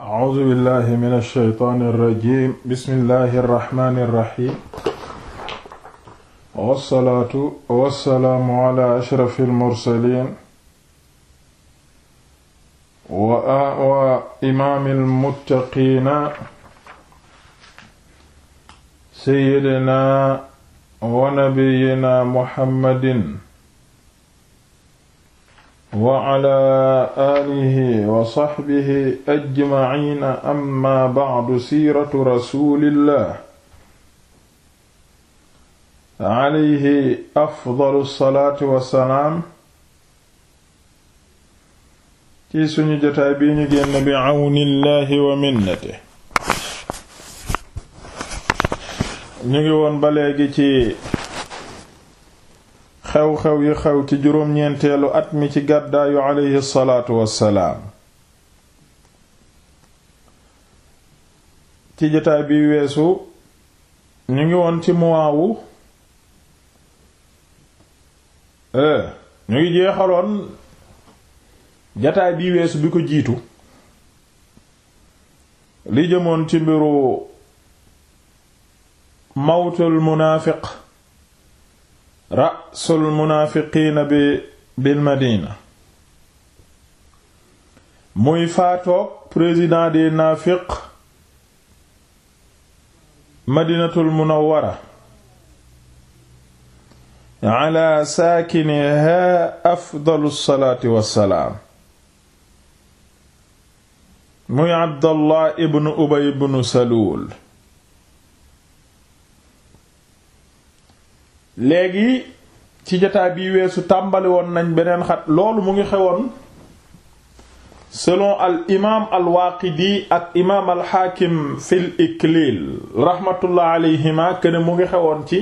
A'uuzu billaahi mina shaytaani rajiim bismillaahi rahmaani rahiim. Wassalaatu wassalaamu alaa ashrafil mursaliin. wa imaamil muttaqiina. Sayyidinaa wa nabiyyinaa Muhammadin. wa ala alihi wa saxbihi ajmaciina amma bacdu siiratu rasulillah alayhi afdalu salaatu wassalaam ci suñu jotaay bii ñu génn bi awnillahi wa minnate ñu ngi woon ba léegi ci xew-xew yi xew ci juróom-ñeenteelu at mi ci gàddaayu aleyhi salaatu wassalaam ci jotaay bi weesu ñu ngi woon ci muwaawu e, ñu ngi jeexaloon jotaay bi weesu bi ko jiitu li jëmoon ci mbiru mawtul munaafiq ra'sul munaafiqiina bi bil madina muy faatoog président des naafiq madinatul munawwara ala saakiniha afdalu salaati wassalaam muy abdallah ibn ubay ibn saluul léegi ci jotaay bi weesu tàmbali woon nañ beneen xat loolu mu ngi xewoon selon al imaam al waaqidi ak imaam al xaakim fil ikliil rahmatullah alayhima këne mu ngi xewoon ci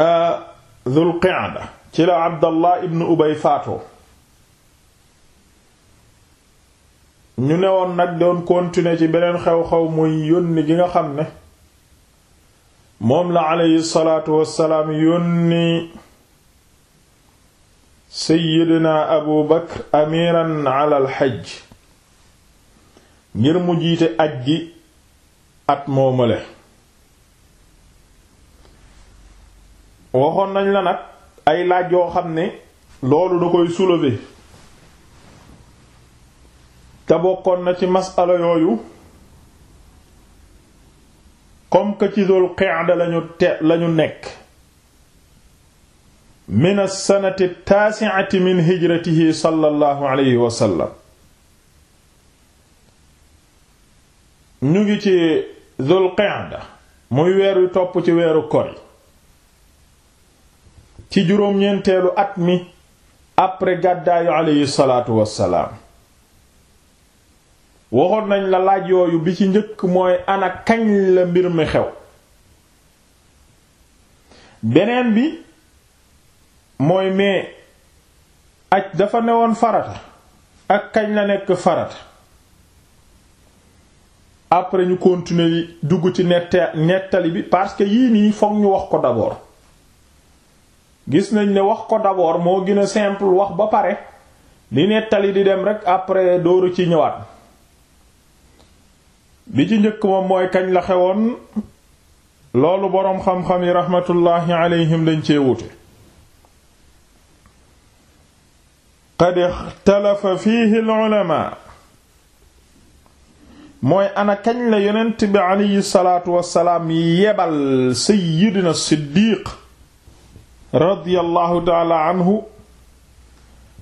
euh, dhul qa'da ci la abdallah ibn ubay faatoo ñu ne woon nag doon continuer ci beneen xew-xew muy yónni gi nga xam ne moom la aleyhi salaatu wassalaam yónni seyyidina abu bakr amiran alal xaj ngir mu jiite aj gi at moomale waxoon nañ la nag ay laaj yoo xam ne loolu da koy soulever te bokkoon na ci masala yooyu comme que ci dul qa'da lañu te lañu nekk min as-sanati at-tasi'ati min hijratihi sallallahu alayhi wa sallam ñu ngi ci dul qa'da muy weeru topp ci weeru kori ci juróom-ñeenteelu at mi après gàddaayu alayhi salaatu wassalaam waxoon nañ la laaj yooyu bi ci njëkk mooy ana kañ la mbir mi xew beneen bi mooy mais aj dafa newoon farata ak kañ la nekk farata après ñu continuer dugg ci nettali bi parce que yii nii fokk ñu wax ko d'abord gis nañ ne wax ko d'abord moo gën a simple wax ba pare di nettali di dem rek après dooru ci ñëwaat bi ci njëkk moom mooy kañ la xewoon loolu boroom xam-xam yi raxmatullaahi alayhim dañ cee wuute qad ixtalafa fiihi al-ulamaa ana kañ la yonent bi alayhi salaatu wassalaam yebal sayyidina siddiiq radiyallahu taala anhu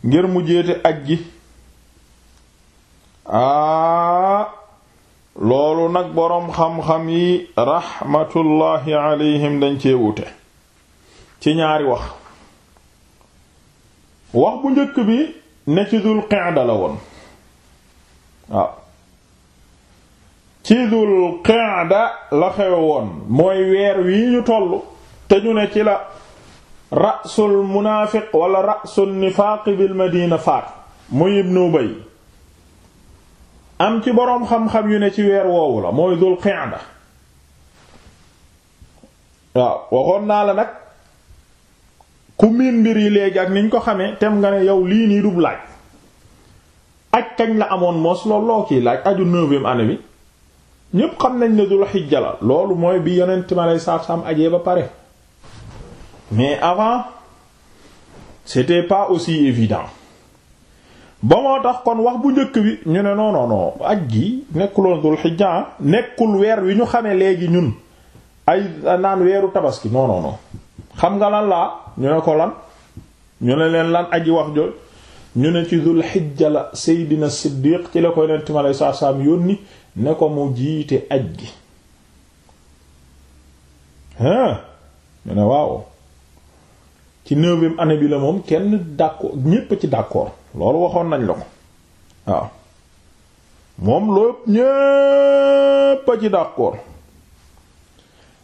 ngir mu jéete aj gi loolu nag boroom xam-xam yi raxmatullaahi alayhim dañ cee wute ci ñaari wax wax bu njëkk bi ne ci dul qa'da la woon waaw ci dul qa'da la xewe woon mooy weer wi ñu tollu te ñu ne ci la ra'sul munaafiq wala ra'sul nifaaq bil madina faat muy ibnu ubay am ci boroom xam-xam yu ne ci weer woowu la mooy dul qi'da waaw waxoon naa la nag ku miin mbir yi léegi ak niñ ko xamee tem nga ne yow lii nii dub laaj aj kañ la amoon mos loolu loo kii laaj aju neuvième année bi ñépp xam nañ ne dul xijja la loolu mooy bi yonent ma lay saaf saam ajee ba pare mais avant c'était pas aussi évident ba moo tax kon wax bu njëkk bi ñu ne noonoonoo non aj gi nekkuloon dul xijja nekkul weer wi ñu xamee léegi ñun ay naan weeru tabaski non xam nga lan laa ñu ne ko lan ñu ne leen lan aji wax jooju ñu ne ci dul xijja la Seydina Siddiq ci la koy neen timalay saa saam yónni ne ko mu jiite aj gi hein ñu ne waaw ci bi année bi la moom kenn d'accord ñépp ci d'accord loolu waxoon nañ la ko waaw moom loolu ñépp a ci d'accord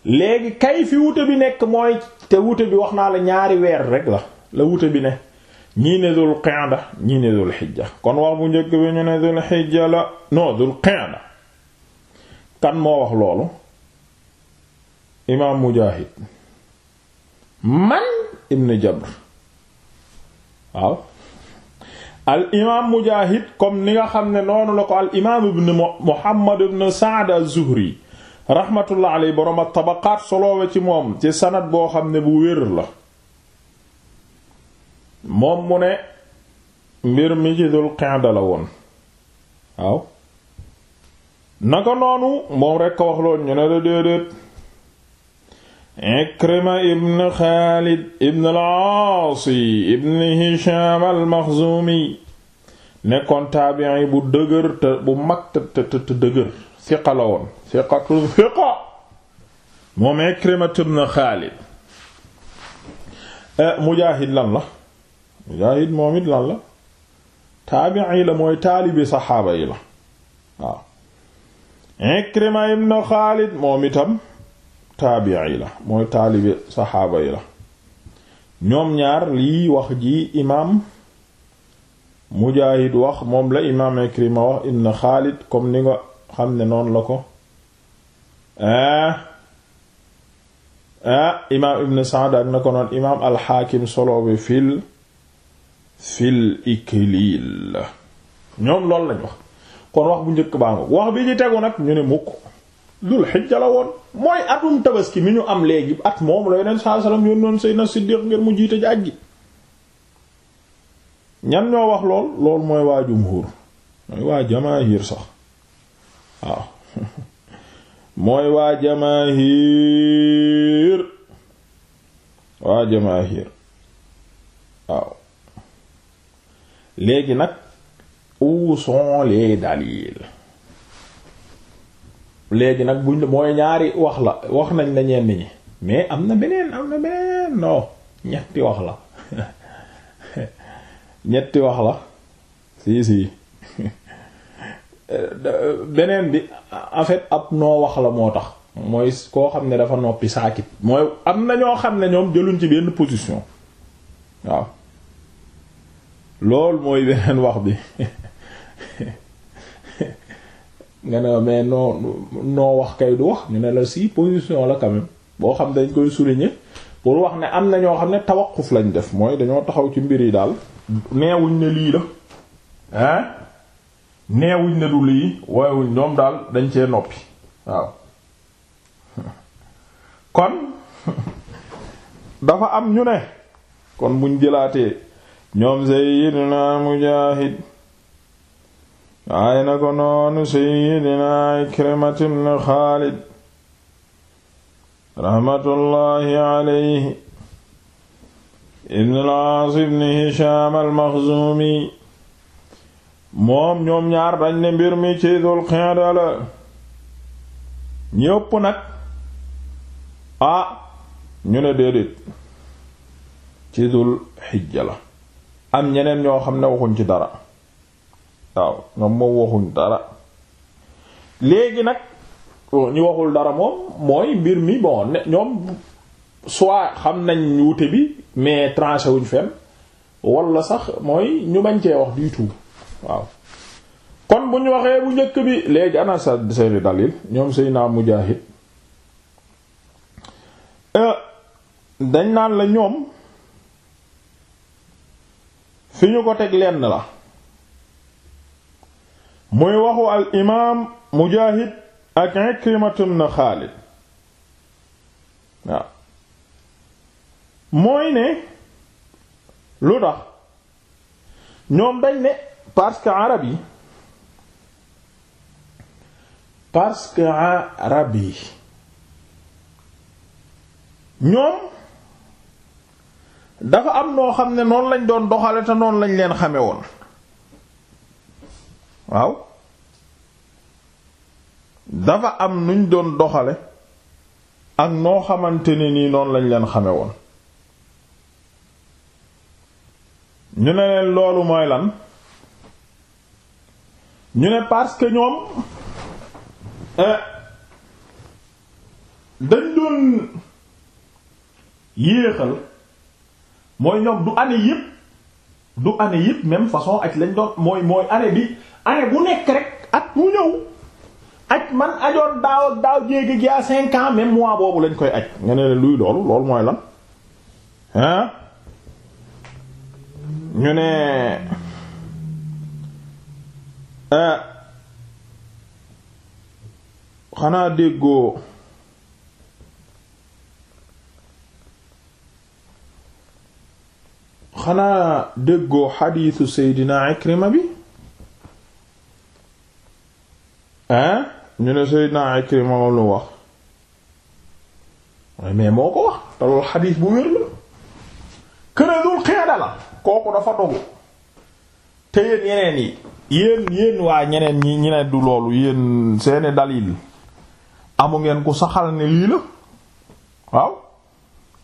léegi kay fi wute bi nekk mooy te wute bi wax naa la ñaari weer rek la la wute bi ne ñii ne dul qa'da ñii ne dul xijja kon wax bu njëkk bi ñu ne dul xijja la non dul qa'da kan moo wax loolu imaam Mujaahid man ibn Jabr waaw al imaam mujaahid comme ni nga xam ne noonu la ko al imaam muhammad ibn saad az-zuhri rahmatullah borom at-tabaqaat ci moom ci sanad boo xam ne bu wér la moom mu ne mbir mi ci dul qa'da la woon waaw naka noonu moom rekk wax loolu ñu ne la déedéet Ikrima ibn Xaalid ibn al-Aas ibn Hishaam al-Maxzuumi nekkoon taabi'i bu dëgër te bu mag te te te dëgër siqa la woon siqatu siqa moom Ikrima ibn Xaalid eh, Mujaahid lan la Mujaahid moom it lan la taabi'i la mooy taalibi saxaaba yi la waaw Xaalid moom itam yi la mooy taalibi saxaaba yi la ñoom ñaar lii wax ji imaam Mujaahid wax moom la imaam Ikrima wax ibn Xaalid comme ni nga xam ne noonu la ko ah ah imaam ibn Sa'd solo bi fil fil Ikliil ñoom loolu lañ wax kon wax bu njëkk baa nga wax bi ci tegu nag ñu ne mukk dul xijja la woon mooy atum tabaski mi ñu am léegi at moom la yonent saa salaam yónnoon Seydina Siddiq ngir mu jiite aj gi ñan ñoo wax lool lool mooy waa jumhur mooy waa jamaahir waa jamaahir waaw léegi nag où sont les léegi nag buñ la mooy ñaari wax la wax nañ la ñenn ñi mais am na beneen am na beneen non ñetti wax la ñetti wax la si si beneen bi en fait ab noo wax la moo tax mooy koo xam ne dafa noppi saakit mooy am na ñoo xam ne ñoom jëluñ ci benn position waaw loolu mooy beneen wax bi nga ne mais noo noo wax kay du wax ñu ne la si position la quand boo xam dañ koy souligner pour wax ne am na ñoo xam ne tawaquf lañ def mooy dañoo taxaw ci mbir yi daal neewuñ ne lii la hein neewuñ ne du lii woowuñ ñoom daal dañ cee noppi waaw kon dafa am ñu ne kon buñ jëlaatee ñoom Sayyidina Mujaahid waaye na ko noonu seydina Ikrimat ibn Xaalid alayhi ibn al ibn Hishaam al moom ñoom ñaar dañ ne mbir mi ci Dul Qa'da la ñépp nag ah ñu ne déedéet ci Dul Hijja am ñeneen ñoo xam ne waxuñ ci dara waaw ñoom moom waxuñ dara léegi nag ñu waxul dara moom mooy mbir mi bon ñoom soit xam nañ wute bi mais tranché wuñ fen wala sax mooy ñu bañ cee wax du tout waaw kon bu ñu waxee bu njëkk bi léegi ana sa seeni dalil ñoom sëy naa Mujaahid euh, dañ naan la ñoom fi ñu ko teg lenn la muy waxu al imaam mujaahid ak Ikrimatu ibn Xaalid waaw mooy ne lu tax ñoom dañ ne parce que arab yi parce arab yi ñoom dafa am noo xam ne noonu lañ doon doxale te noonu lañ leen xame woon waaw dafa am nuñ doon doxale ak noo xamante ne nii noonu lañ leen xame woon ñu ne leen loolu mooy lan ñu ne parce que ñoom euh, dañ doon yéexal mooy ñoom du année yépp du année yëpp même façon aj lañ doon mooy mooy année bi année bu nekk rek at mu ñëw aj man ajoon daaw daaw jéegi gi a cinq ans même mois boobu lañ koy aj nga ne luy loolu loolu mooy lan hein ñu ne euh, xanaa déggoo xanaa déggoo xadiisu seydina Ikrima bi ah ñu ne seydina Ikrima moom lu wax mais moo ko wax te xadiis bu wér la këne xeeda la kooku dafa dogu te yéen yeneen yi yéen yéen waa ñeneen ñi ñu du loolu yéen seeni dalil amu ngeen ku saxal ne lii la waaw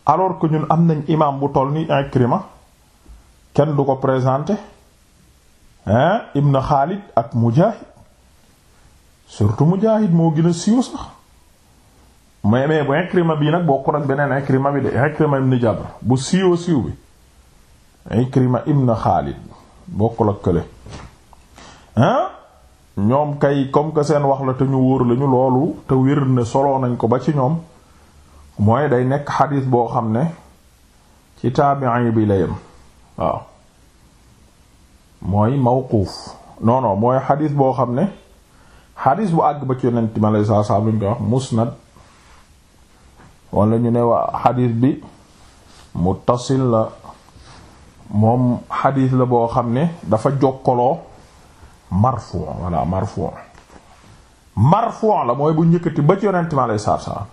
alors que ñun am nañ imam bu toll ni Ikrima kenn du ko présenter hein ibn Khalid ak Mujahid surtout Mujahid moo gën a siiw sax mais mais bu Ikrima bii nag bokkul ak beneen Ikrima bi de Ikrima ibn bu siiwa siiw bi Ikrima ibn Khalid bokkul ak kële hein ñoom kay comme que seen wax la te ñu wóor lañu loolu te wér ne soloo nañ ko ba ci ñoom mooy day nekk xadiis boo xam ne ci taabi'i bi la yem waaw mooy mawquuf non non mooy xadis boo xam ne xadis bu àgg ba ci yonent mi alayhi salaam luñ ko wax musnad wala ñu ne waa xadis bi mu muttasil la moom xadis la boo xam ne dafa jokkaloo marfu wala marfu marfu la mooy bu njëkkati ba ci yonent mi alayhi salaam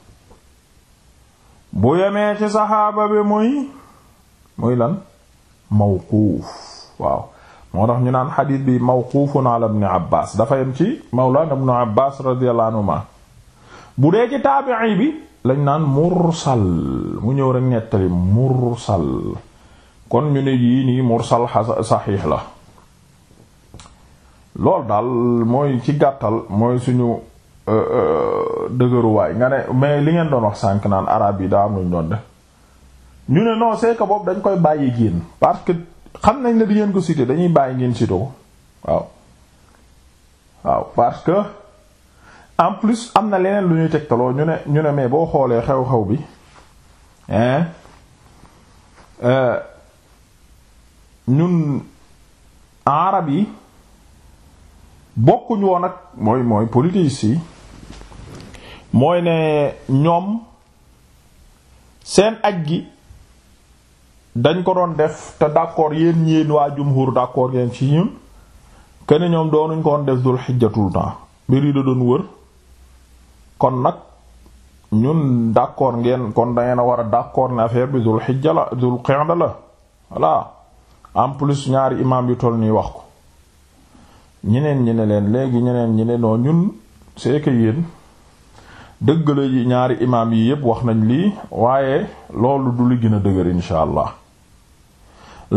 bu yemee ci saxaaba bi muy muy lan mawquuf waaw moo tax ñu naan xadiis bi mawquufun ala ibn Abbaas dafa yem ci mawlaana ibn Abbaas radiyallahu anhuma bu dee ci taabi'i bi lañ naan mursal mu ñëw rek nettali mursal kon ñu ne yii nii mursal saxiix la loolu daal mooy ci gàttal mooy suñu euh, euh, dëgëruwaay nga ne mais li ngeen doon wax sànk naan arab yi daa am luñ doon def ñu ne noo c'est que boobu dañ koy bàyyi génn parce que xam nañ ne di ngeen ko cité dañuy bàyyi ngeen cité ko waaw waaw parce que en plus am na leneen lu ñuy tegtaloo ñu ne ñu ne mais boo xoolee xew-xew bi hein euh, ñun arab yi bokkuñ woon ak mooy mooy politique yi mooy ne ñoom seen ak gi dañ ko doon def te d'accord yéen yéen waa jumhur d'accord ngeen ci ñun kenn ñoom doonuñ ko doon def dul xijja tout le temps mbir yi da doon wër kon nag ñun d'accord ngeen kon da ngeen a war a d'accord ne affaire bi dul xijja la dul qa'da la voilà en plus imam yu toll nii wax ko ñeneen ñi ne leen léegi ñeneen ñi ne noo ñun c'est que yéen dëgg yi yépp wax nañ lii waaye loolu du li gën a dëgër insha allah.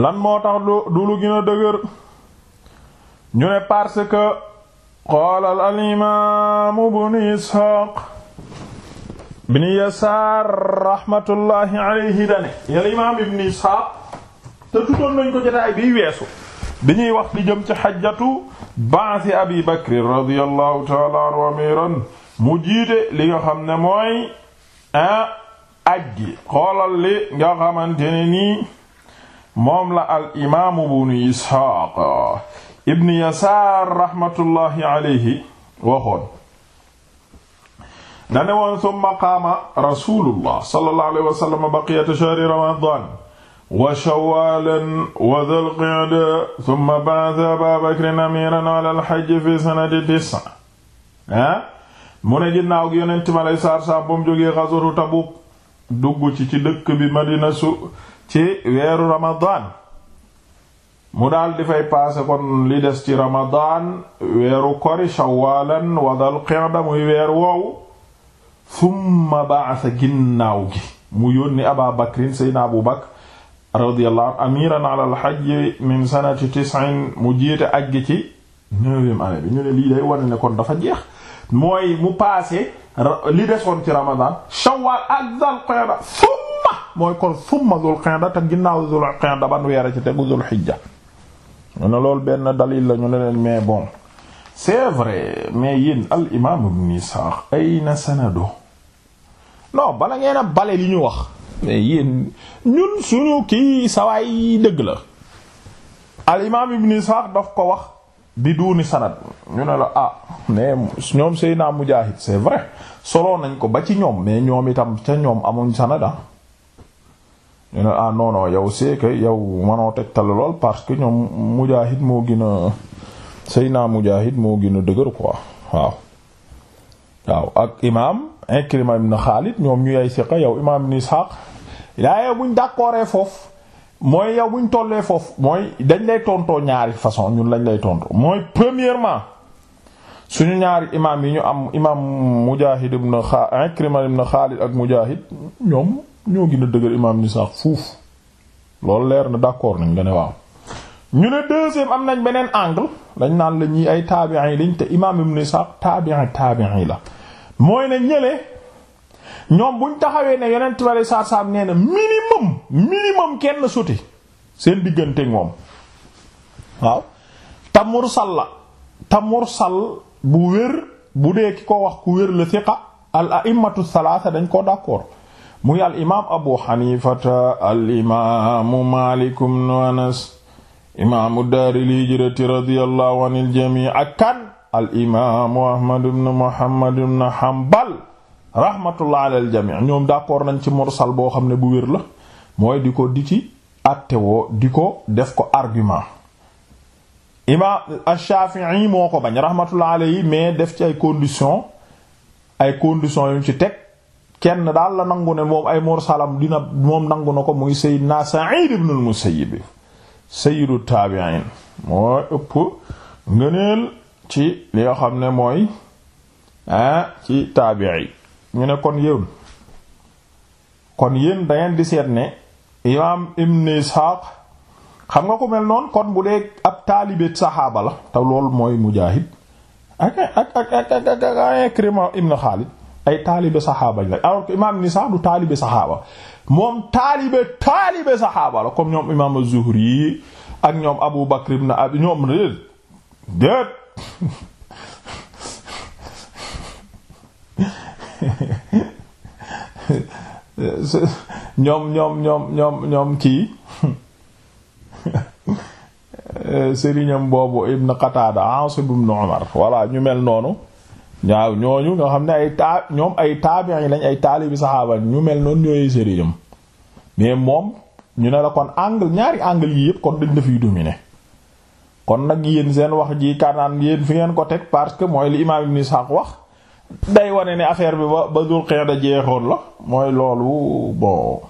lan moo tax du lu gën a dëgër ñu ne parce que qaala al imaam ibnu yasaar raxmatullaahi alayhi dane al imaam ibnu isxaaq te tuddoon nañ ko jotaay biy weesu dañuy wax li jëm ci xajjatu baasi abi bakri radiyallahu taala anhu amiran mu li nga xam ne mooy ah, ajji xoolal li nga xamante ne nii moom la al imaamu bnu isxaaq ibn yasaar raxmatullahi alayhi waxoon dane woon summa qaama rasulullah sallallahu alayhi wa sallam baqiyata shahri ramadan wa shawaalan wa dhul qa'da thumma ba'atha Abaa Bakrin amiiran ala al-hajj fi sanati tis'a ah mu ne ginnaaw gi yonent mi alayhi salaatu wa salaam bu mu jógee xaswatu Tabuk dugg ci ci dëkk bi Madina su ci weeru ramadaan mu daal di fay paase kon li des ci ramadaan weeru kori shawaalan wa dal qa'da muy weer woowu summa ba'asa ginnaaw gi mu yónni aba bakrin seydna abu bakr radiyallahu anhu amiran ala alxajji min mu jiite lii day wane ne kon dafa jeex mu paase li desoon ci ramadaan shawaal ak dal qa'da mooy kon summa zul qa'da te ginnaaw zul qa'da ban weer ci tegu zul xijja mu ne loolu benn dalil la ñu ne leen mais bon c'est vrai mais yéen al imam ibn Isaaq ay na bala ngeen a bale li ñu wax mais yéen ñun suñu kii sawaay dëgg la al imam ibn Isaaq daf ko wax bi duuni sanad ñu ne la ah mais ñoom Seydina Mujaahid c'est vrai solo nañ ko ba ci ñoom mais ñoom itam ca ñoom amuñ sanada ah. ñu ne ah non non lool parce que ñoom Mujaahid moo gën a Seyna Mujaahid moo gën a dëgër quoi waaw. waaw ak imaam Ikrima ibn ñu ay siqa yow imaam ibn Isxaaq daa yow buñ d'accordee foofu mooy yow buñ tollee foofu mooy dañ lay tontoo ñaari façon ñun lañ lay tontu mooy premièrement. suñu ñaari imaam yi ñu am imaam Mujaahid ibn Xaalid Ikrima ibn Xaalid ak Mujaahid ñoom. ñoo gën a dëgër imaam ni sax fuuf loolu leer na d'accord nañ la ne waaw ñu ne deuxième am nañ beneen angle dañ naan la ñuy ay taabi'in yi liñ te imaam ibn Isaaq taabi'in taabi'in yi la mooy ne ñële ñoom buñ taxawee ne yeneen tibale saar saar nee na minimum minimum kenn suti seen diggante moom waaw te mursal la te mursal bu wér bu dee ki ko wax ku wér la thiqa al a'immatu thalatha dañ ko d'accord muy al imaam abu xanifata al imaamu malikum ibnu anas imaamu daaril hijrati radiyallahu anil jamii kan al imaamu ahmad ibnu muhammad ibnu hanbal rahmatullah alal jamii ñoom d'accord nañ ci mursal boo xam ne bu wér la mooy di ko di ci attewoo di ko def ko argument imaam ash-Shafi'i moo ko bañ rahmatullah alayhi mais def ci ay condition ay condition yu ci teg kenn daal la nangu ne moom ay mursalam dina moom nangu na ko muy sayyidna Sa'id ibn al-Musayyib sayyidu taabi'in mooy ëpp ngëneel ci li nga xam ne mooy ah ci taabi'i ñu ne kon yéen kon yéen da di seet ne imaam ibn Ishaq xam nga ko mel noonu kon bu dee ab taalibe saxaaba la te lool mooy Mujaahid ak ak ak ak ak Ikrima ibn Xaalid ay taalibe saxaaba lañ alors que imaam ibn saxaaba moom taalibe taalibe saxaaba la comme ñoom imaam az-Zuhri ak ñoom Abu Bakr ibn Abi ñoom déet déet ñoom ñoom ñoom ñoom kii sëriñam boobu ibn Qataada Asim ibn Umar voilà ñu mel noonu waaw ñooñu nga xam ne ay taa ñoom ay taabiin yi lañ ay taalibi saxaaba ñu mel noonu ñooy sëriñam mais moom ñu ne la kon angle ñaari angle yi yëpp kon dañ def yu dominer kon nag yéen seen wax ji kanaan yéen fi ngeen ko teg parce que mooy li imaam Ibn Ishaq wax day wane ne affaire bi ba ba dul xeex da jeexoon la mooy loolu bon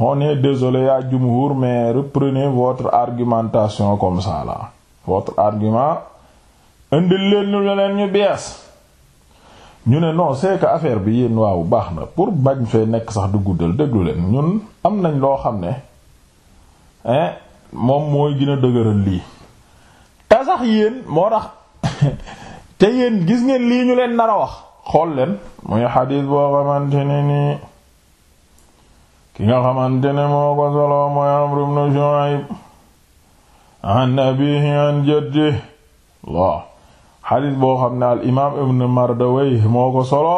on est désolé à jumhur mais reprenez votre argumentation comme ça là votre argument indil leen lu leen ñu bees ñu ne non c'est que affaire bi yéen waaw baax na pour bañ fee nekk sax duggu dël déglu leen ñun am nañ loo xam ne hein moom mooy gën a dëgëral lii te sax yéen moo tax te yéen gis ngeen lii ñu leen nar a wax xool leen muy xadiis boo xamante ne nii ki nga xamante ne moo ko solo mooy Amr ibn Shu'ayb an abiihi an jaddihi xadis boo xam ne al imaam ibn Mardawayh moo ko solo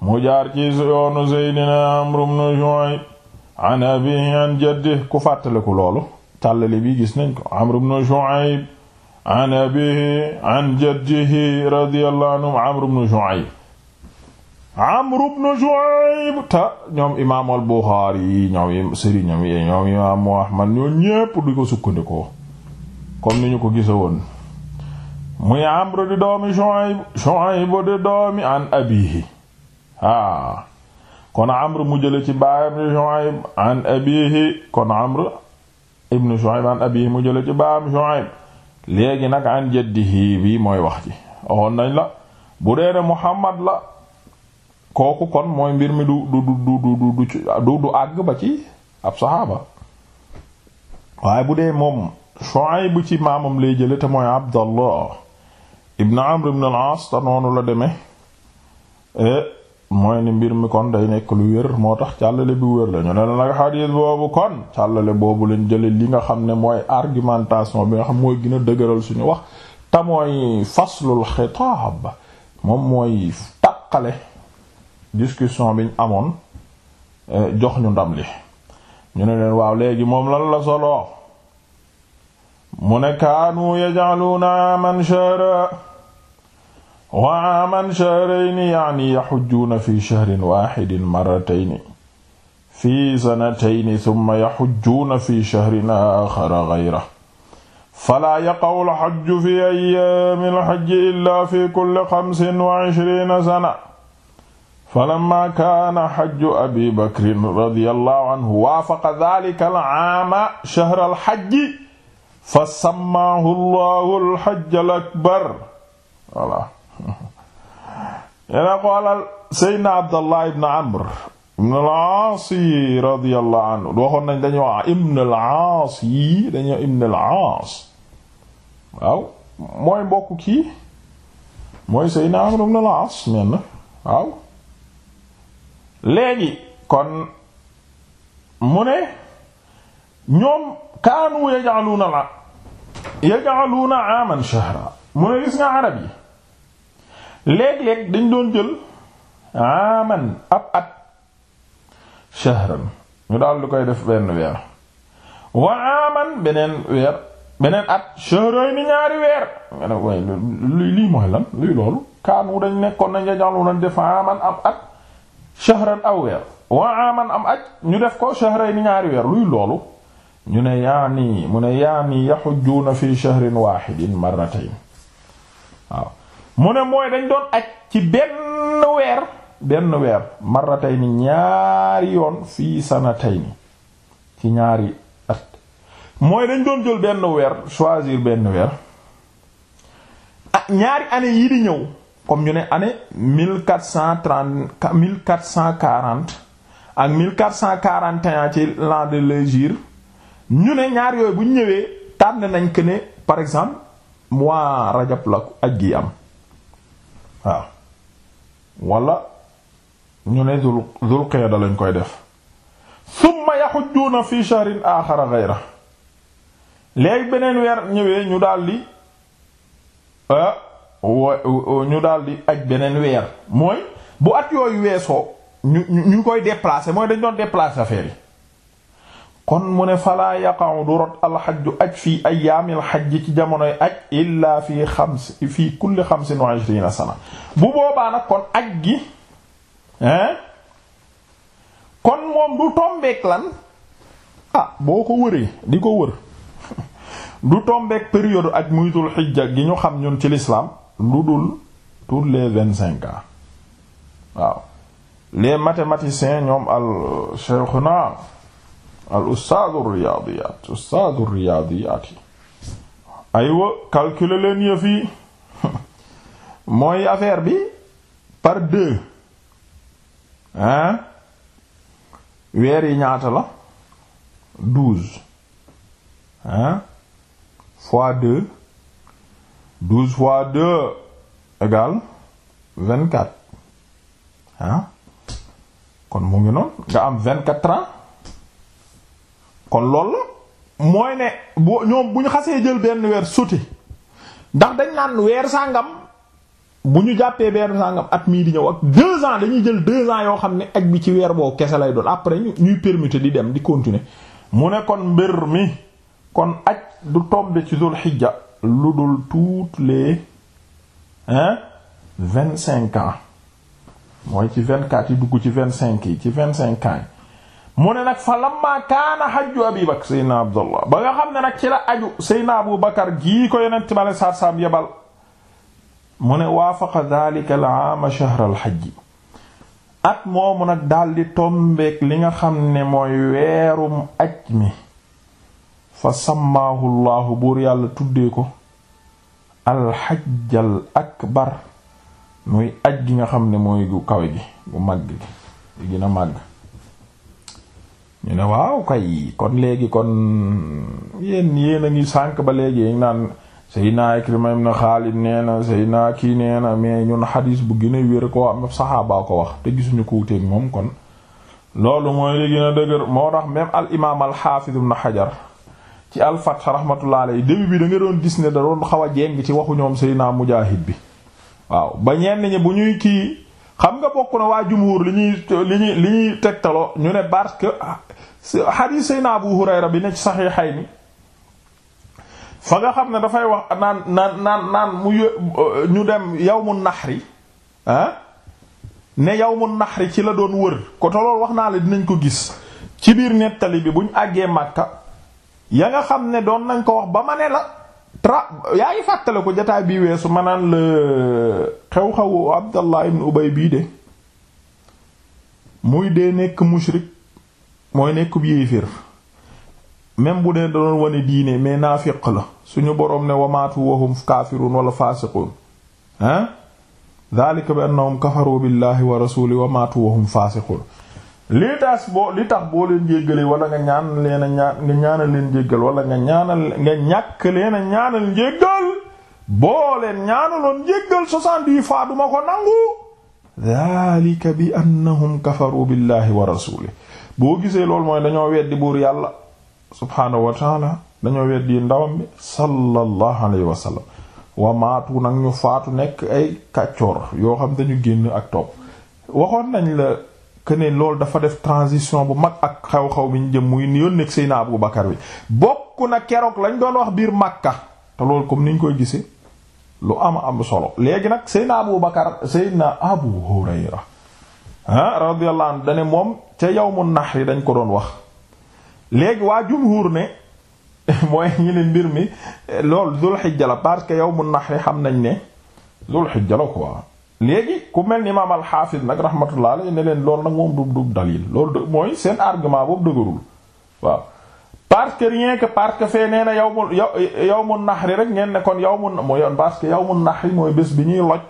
mu jaar ci yoonu Seydina Amr ibn Shuayb an abiihi an jaddihi ku fàttaliku loolu tàllale bi gis nañ ko Amr ibn Shuayb an abiihi an jaddihi radiyallahu anhu Amr ibn Shuayb Amr ibn Shuayb ta ñoom imaam al Buxaari ñoom sëriñ ñoom ñoom ñépp di ko sukkandikoo comme ni ñu ko gisawoon muy Amru di doomi Shuayb Shuayb di doomi an abiihi ah. kon Amru mu jële ci baayam di Shuayb an abiihi kon Amru ibnu Shuayb an abiihi mu jële ci baayam Shuayb léegi nag an jaddihi bi mooy wax ci waxoon la bu dee mu Muhammad la kooku kon mooy mbir du du du ba ci ab saxaaba waaye bu dee moom Shuayb ci maamam lay jële te mooy Abdallah ibn amr ibn al-aas te noonu la demee mooy ni mbir mi kon day nekk lu wér moo tax càllale bi wér la ñu ne la nag xadiis boobu kon càllale boobu lañ jële li nga xam ne mooy argumentation bi nga xam mooy gina a dëgëral suñu wax te mooy faslul xitaab moom mooy tàqale discussion biñ amoon e, jox ñu ndam li ñu ne leen waaw léegi moom lan la solo mu ne kaanu yaj'aluna man shara wa aman shahrayni yaani yaxujjuuna fi shahrin waaxidin marratayni fi sanatayni summa yaxujjuuna fi shahrin aaxara gayrahu falaa yaqa'u al-hajju fi ayyaami al-hajji illaa fi kulli xamsin wa ishriina sana falammaa kaana hajju abii bakrin radiyallaahu anhu waafaqa zaalika al-aama shahra al-hajji fa sammaahu allaahu al-hajja al-akbar voilà yene xoolal seydna abdallah ibn amr ibn al-aas yi radiyallahu anhu waxoon nañ dañu wax ibn al-aas yi dañu ibn al-aas waaw mooy mbokk kii mooy seydna amr ibn al-aas menn waaw léegi kon mu ne ñoom kaanu yaj'aluna la yaj'aluna aman shahra mu ne gis nga arab yi léeg-léeg dañ doon jël aman ab at shahran ñu daal di koy def benn weer wa aman beneen weer beneen at shahrayni ñaari weer nga ne waaye lii mooy lan luy loolu kaanu dañ nekkoon nañ yajalu nañ def aman am at wa aman am at ñu def ko shahrayni ñaari weer luy loolu ñu ne yaani mu ne yaani yaxujjuuna fi shahrin waahidin marratayn waaw mu ne mooy dañ doon aj ci benn weer benn weer marratayni ñaari yoon fii sanatayni ci ñaari at mooy dañ doon jël benn weer choisir benn weer ah ñaari année yi di ñëw comme ñu ne année mille quatre cent trente mille quatre cent quarante ak mille quatre cent quarante et ci l'an de l'hégire ñu ne ñaar yooyu bu ñu ñëwee tànn nañ que par exemple mois rajab la aj gi am waaw wala ñu ne dul dul qeeda lañ koy def summa yaxujjuuna fi shahrin aaxara gayra léegi beneen weer ñëwee ñu daldi euh, ñu di ak beneen weer mooy bu at yooyu weesoo ñu ñu koy déplacer mooy dañ doon déplacer affaire yi kon mu ne falaa yaqa'u du rot alxajju aj fii ayaamil xajji ci jamonoy aj illaa fi xams fii kulli xamsin wa ishriina sana bu boobaa nag kon aj gi hein kon moom du tombeek lan ah boo ko wëree di ko wër du tombeek période ak muy dul gi ñu xam ñun ci lislaam lu dul tous les vingt cinq ans waaw les mathématiciens ñoom al cheikhuna al ustaadu riyaadiyaat ustaadu riyaadiyaat yi aywa calculer leen yëf mooy affaire bi par deux hein weer yi ñaata la douze hein fois deux douze fois deux égale vingt-quatre hein kon mu ngi noonu nga am vingt-quatre ans kon loolu la mooy ne boo ñoom bu ñu xasee jël benn weer soti ndax dañ naan weer sàngam bu ñu jàppee weer sàngam at mii di ñëw ak deux ans dañuy jël deux ans yoo xam ne ak bi ci weer boo kese lay doon après ñuy permettre di dem di continuer mu ne kon mbir mi kon aj du tombe ci dul xijja lu dul toutes les hein vingt cinq ans mooy ci vingt quatre yi dugg ci vingt cinq yi ci vingt cinq ans mu ne nag fa lamma kaana hajju abi bakr seydna gii ko yonent bale saar-saam yebal mu ne waafaqa dhalika al tombeek li nga xam ne mooy weerum aj mi fa sammaahu llahu buur yàlla tuddee ko alxajj al akbar muy aj gi nga xam ne mooy gu kawe gi gu màgg gi gën a màgg ñu ne waaw kay kon léegi kon yéen yéen a ngi sànk ba léegi yéen naan Seydina Ikrima ibn Xaalid nee na Seydina kii nee na mais ñun xadiis bu gën a wér koo am saxaaba ko wax te gisuñu ko wuteeg moom kon loolu mooy li gën dëgër moo tax même al imaam al Xajar ci alfat Fath rahmatullah alayhi début bi da doon gis ne da doon a jéng ci waxu ñoom Seydina Mujaahid bi waaw ba ñenn ñi bu ñuy kii xam nga bokk na waa jumhur li ñuy li ñuy tegtaloo ñu ne parce si xadiis sayna Abu Hurayra bi ne ci Saxiixayni fa nga xam ne dafay wax naan naan naan naan mu ñu dem yawmu naxri ah ne yawmu naxri ci la doon wër ko te wax naa la dinañ ko gis ci biir nettali bi buñ àggee Makka ya nga xam ne doon nañ ko wax ba ma ne la tra yaa fàttale ko jataay bii weesu ma naan la xew-xewu Abdallah ibn Ubay bii de muy dee nekk mushrik mooy nekk bi yéeféer même bu dee da doon wane diine mais naafiq la suñu boroom ne wamaatu wahum kaafirun wala faasiqun ah dhalika bi annahum kafaru billahi wa rasuli wamaatu wahum faasiqun li tax boo li tax boo leen jéggalee wala nga ñaan a ñaan nga ñaanal leen jéggal nga ñaanal nga ñàkk leen a ñaanal njéggal boo leen ñaanaloon jéggal soixante-dix fois duma ko nangu dhalika bi annahum kafaru billahi wa rasuli boo gisee loolu mooy dañoo weddi buur yàlla subhaanahu wa taala dañoo weddi ndawam bi sallallahu alayhi wa sallam wa maatu nag ñu faatu nekk ay kàccoor yoo xam dañu génn ak topp waxoon nañ la que ne loolu dafa def transition bu mag ak xew-xew bi ñu jëm muy yoon nekk Seydina Abu Bakar bi bokk na keroog lañ doon wax biir Makka te loolu comme niñ koy gisee lu am am solo léegi nag Seydina Abu Bakar Seydina Abu Hurayra ah radiyallahu anhu dane moom ca yawmu nahri dañ ko doon wax léegi waa jumhuur ne mooy ñi ne mbir mi loolu zul xijja la parce que yawmu nahri xam nañ ne zul xijja la ku mel ni imaam alxaafis nag rahmatullah alayhi ne leen loolu nag moom du du dalil loolu d mooy seen argument boobu dëgërul waaw parce que rien que parce que fee nee na yawmu yawmu nahri rek ngeen ne kon yawmu mooy parce que yawmu nahri mooy bés bi ñuy loj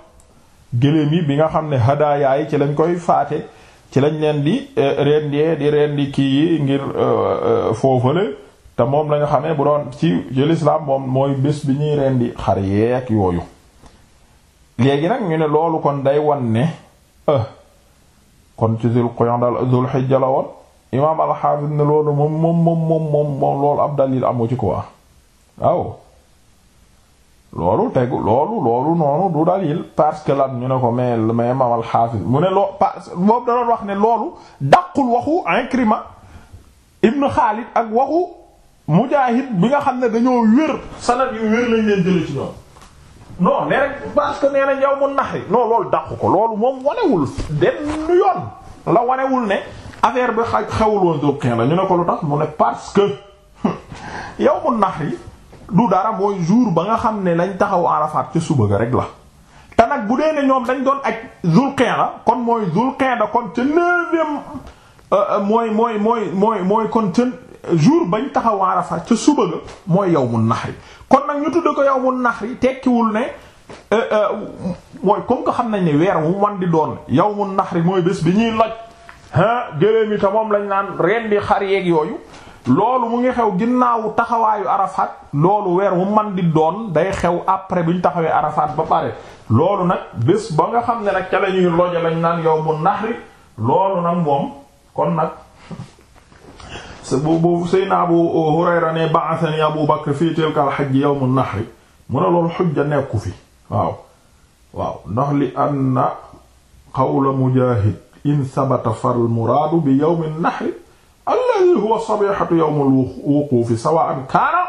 gëléem yi bi nga xam ne hadaaya yi ci lañ koy faate ci lañ leen di eh, rendee di rendi kii yi ngir eh, eh, foofale te moom lañu ñu xamee bu doon ci ci lislaam moom mooy bés bi ñuy rendi xar yeeg yooyu léegi nag ñu ne loolu kon day wan ne kon ci zul qoyandal zul xijja la woon imaam alxaafis ne loolu moom moom moom moom loolu ab dalil amu ci quoi waaw loolu tegu loolu loolu noonu du dalil parce que lan ñu ne ko mais mais mamal xaafis mu ne loo parce boobu da doon wax ne loolu daqul waxu Ikrima ibnu Xaalid ak waxu Mujaahid bi nga xam ne dañoo wér sanad yu wér lañ leen jële ci ñoom non ne rek parce que nee na yow mu naxi non loolu dàqu ko loolu moom wanewul denn yoon la wanewul ne affaire bi xaj xewul woon dóob ken la ñu ne ko lu tax mu ne parce que yow mu naxi du dara mooy jour ba nga xam ne lañ taxaw Arafat ca suba ga rek la te nag bu dee ne ñoom dañ doon ak Zul Qa'da kon mooy Zul Qa'da kon ca neuvième euh, euh, mooy mooy mooy mooy mooy kon ca jour bañ taxaw Arafat ca suba ga mooy yawmun nahri kon nag ñu tudde ko yawmun nahri tekkiwul ne euh, mooy comme xam nañ ne weer wu man di doon yow yawmun nahri mooy bés bi ñuy loj ah gëléem yi te moom lañ naan rendi xar yeeg yooyu loolu mu ngi xew ginnaawu taxawaayu arafat loolu weer mu man di doon day xew après bu ñu taxawee arafat ba pare loolu nag bés ba nga xam ne nag ca la ñuy loja lañ naan yow mu naxri loolu nag moom kon nag bu bu sayna Abu Hurayra ne ba'athani Abu Bakr fii tilka al-hajj yawm an-nahr mu ne loolu xujja nekku fi waaw waaw ndax li anna qawla Mujaahid in sabata fal muraadu bi yawm an-nahr alladhi huwa sabihatu yawm al-wuquf sawa'an kana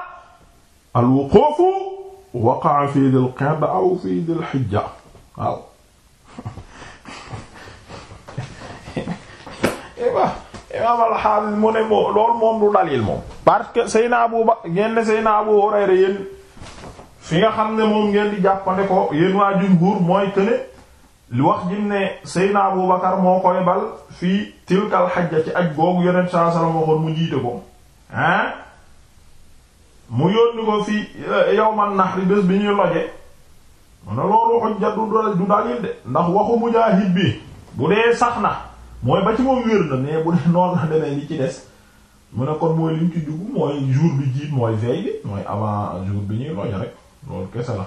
al fi dhil qa'da aw fi dhil hijja waaw imaam al-Hafiz mu ne moo loolu moom du dalil moom parce que Seyna Abu Bakr fi nga xam ne moom ngeen di jàppale ko waa jumhuur mooy que li wax jim ne Abu Bakr moo bal fii tilkal xajja ci aj googu yonent saa salaam waxoon mu jiite ko ah mu yónni ko fi eh, yawman nahri bés bi ñuy loje mu ne loolu xujja du du dalil de ndax waxu mujaahid bi bu dee sax na mooy ba ci moom wér na mais bu dee noonu la demee li ci des mu ne kon mooy liñ ci dugg mooy jour bi jiit mooy veille bi mooy avant jour bi ñuy loje rek loolu kese la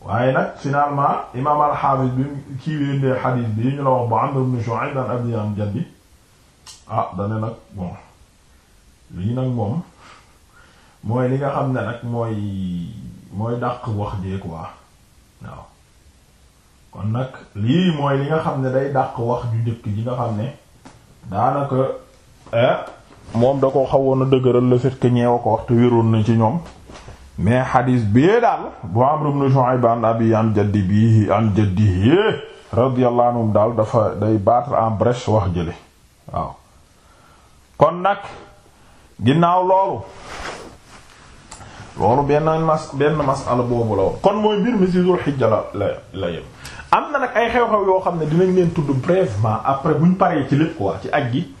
waaye nag finalement imaam al bi ci wéndee xadiis bi ñu la wax ba Amr ibn Shu'ayb an abi am jaddi ah dane nag bon lii nag moom mooy li nga xam ne nag mooy mooy dàq wax jee quoi kon nag lii mooy li nga xam ne day dàq wax ju njëkk ji nga xam ne daanaka eh, moom da ko xawoon a dëgëral le fait que ñeewa ko wax te wéroon na ci ñoom mais xadis bee daal bu Amr ibn Shu'ayb an abi an jaddi bihi an jaddihi radiyallahu daal dafa day battre en brèche wax jële waaw kon nag ginnaaw loolu loolu benn mas benn masala boobu la woon kon mooy mbir mi ci Dul Hijja la la la yem am na nag ay xew-xew yoo xam ne dinañ leen tudd brièvement après buñ paree ci lépp quoi ci ak gi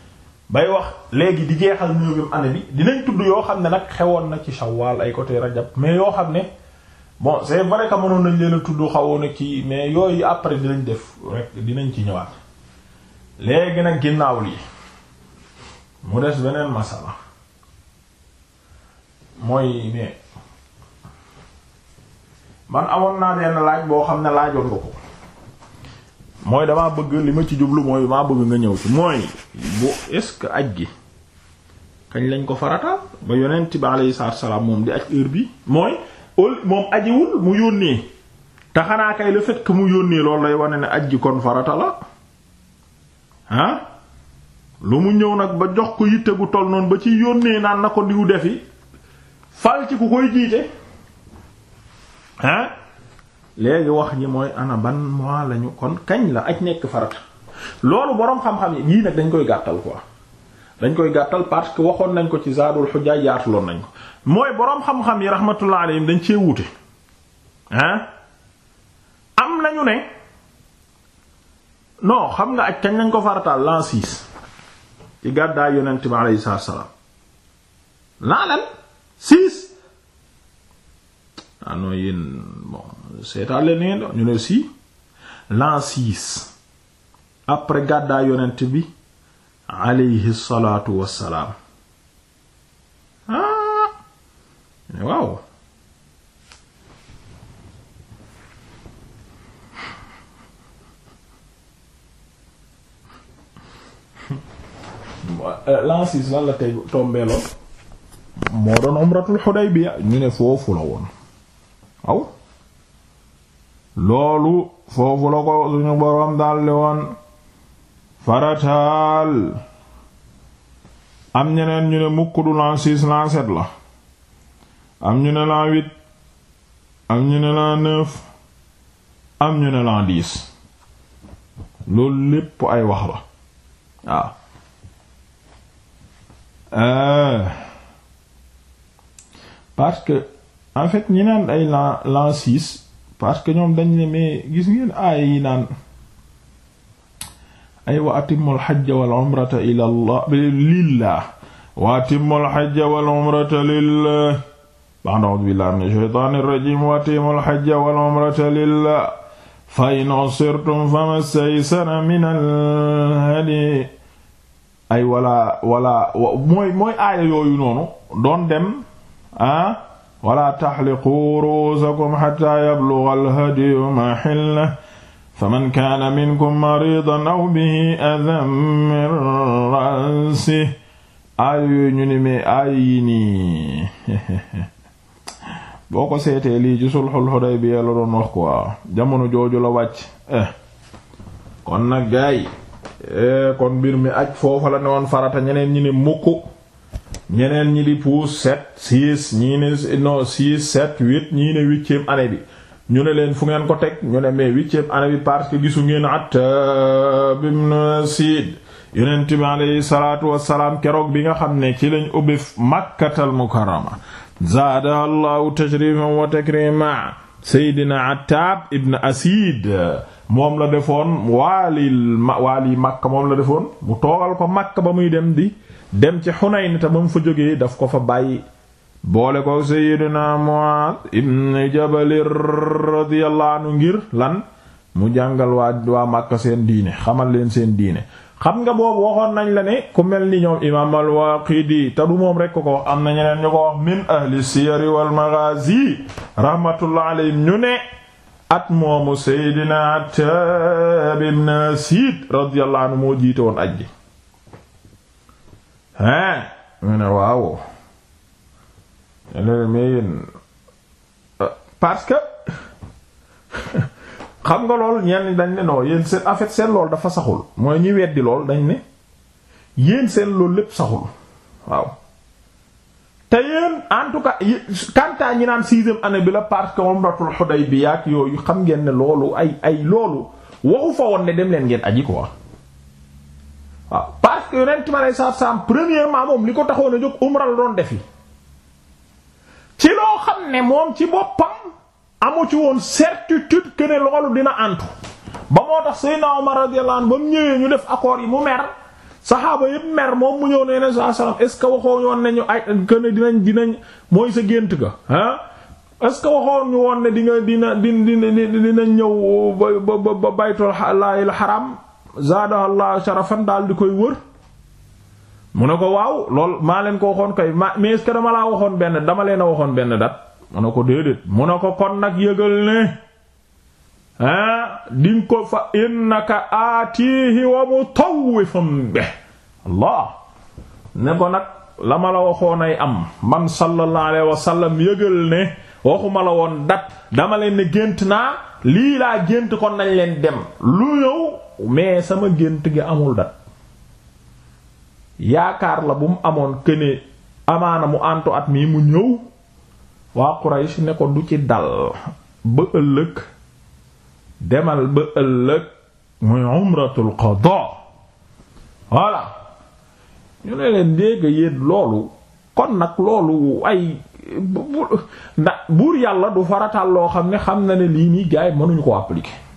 bay wax léegi di jeexal neuvième année bi dinañ tudd yoo xam ne nag xewoon na ci shawwal ay côté rajab mais yoo xam ne bon c'est vrai que mënoon nañ leen a tudd xawoon na kii mais yooyu après dinañ def rek dinañ ci ñëwaat léegi nag ginnaaw lii mu des beneen masala mooy ne man amoon naa benn laaj boo xam ne laajoon nga ko mooy damaa bëgg li ma ci jublu mooy maa bëgg nga ñëw ci mooy bu est-ce que aj gi kañ lañ ko farataal ba yonent bi alayhi salaam moom di aj heure bi mooy moom ajiwul mu yónnee te xanaa kay le fait mu yónnee loolu lay wane ne aj gi kon farata la ah lu mu ñëw nag ba jox ko yitte gu toll noonu ba ci yónnee naan na ko diw defi fal ci ku koy jiite ah léegi wax ji mooy ana ban mois lañu kon kañ la ak nekk farata loolu boroom xam-xam yi yii nag dañ koy gàttal quoi dañ koy gàttal parce que waxoon nañ ko ci Zadul Hujja yaatuloon nañ ko mooy boroom xam-xam yi rahmatullah alayhim dañ cee wuute ah am nañu ne non xam nga ak kañ lañ ko farataal l'an six ci gàddaay yonent bi alayhi salaam laa lan six ah non seetaan leen ngeen doon ñu ne si l'an six après gàddaa yonent bi aleyhi salaatu wassalaam ah waaw euh, l'an six lan la tey tombeeloon moo doon umratul Hudaybiya ñu ne foofu la woon waaw loolu foofu la ko suñu boroom daldi woon farataal am ñeneen ñu ne mukk du l'an la am ñu ne l'an huit ñu ne l'an neuf am ñu loolu lépp ay wax la waaw euh. parce que en fait ñi naan ay l'an l'an six parce que ñoom dañ ne mais gis yi naan ay wa atimmul hajja wal umrata lillah wa atimmul hajja wal umrata lillah ba'da a'uuzu billahi minash shaytaanir wal umrata lillah fa in usirtum famastaysara minal hadyi ay wala mooy mooy aaya yooyu noonu doon dem ah, wala taxliquu ruusakum xataa yabluga alhadiyu maxillah faman kaana minkum maridan aw bihi adan min ra'sihi aay ñu ni mais aay yi boo ko seetee lii ci sulxul Xudaybiya la doon wax quoi jamono jooju la wàcc eh. kon nag eh, kon mbir mi aj foofa la ne woon farata ñeneen ñi ne ñeneen ñi di puus sept six ñii ne non six ñii ne huitième année bi ñu ne leen fu ngeen ko teg ñu ne mais huitième année bi que gisu ngeen Attab euh, ibn Asid yonent bi alayhi salaatu wassalaam keroog bi nga xam ne ci lañ ubbi Makkatal Mukarrama zaadaha Allahu tashrifan wa takrima Seydina Attab ibn Asid moom la defoon waali waali Makka moom la defoon mu toogal ko Makka ba muy dem di dem ci Xunayn te ba fa jógee daf ko fa bàyyi boole ko Seydina Muaad ibn Jabal radiyallahu ngir lan mu jàngal waa waa Makka seen diine xamal leen seen diine xam nga boobu waxoon nañ la ne ku mel ni ñoom imaam al-Waaqidi du moom rekk ko am na ñeneen ñu ko wax min ahli siyar wal maghaazi rahmatullah alayhim ñu ne at moomu Seydina Attaab ibn Asiid radiyallahu moo jiite woon aj ji hein mu ne waaw parce que xam nga lool ñenn dañ ne non yéen seen en seen lool dafa saxul mooy ñi weddi lool dañ ne yéen seen loolu lépp saxul waaw te yéen en tout cas kantaa ñi naan sixième année bi la parce que moom umratul Hudaybiya ak yooyu xam ngeen ne loolu ay ay loolu waxu fa woon ne dem leen ngeen aji quoi waaw que yonent ma lay saab saam premièrement moom li ko taxoon a jóg umra doon defi ci loo xam ne moom ci boppam amu ci woon certitude que ne dina antu ba moo tax Seydina Omar radiyallahu anhu ba mu ñëwee ñu def accord yi mu mer saxaaba yëpp mer moom mu ñëw ne yeneen saa salaam est ce que waxoon woon ne ñu ay que ne dinañ dinañ mooy sa gént ga ah est ce que waxoon ñu woon ne di nga dina dina dina ñëw ba ba ba baytul laahil daal di koy wër. mu ne ko waaw lool maa leen ko waxoon koy ma mais est-ce que laa waxoon benn dama leen a waxoon benn dat mu ne ko déedéet mu ne ko kon nag yëgal ne ah dinga ko fa innaka aatihi wa mutawwifun be Allah ne ko nag la ma la waxoon ay am man sallallahu alayhi wa sallam yëgal ne waxuma la woon dat dama leen ne gént naa lii laa gént kon nañ leen dem lu ñëw mais sama gént gi amul dat yaakaar la bu mu amoon këne amaana mu àntu at mii mu ñëw waa Quraysh ne ko du ci dal ba ëllëg demal ba ëllëg muy umratul qada voilà ñu ne leen dégg yéen loolu kon nag loolu ay bu buur yàlla du farataal loo xam ne xam na ne lii nii gaay mënuñu ko appliquer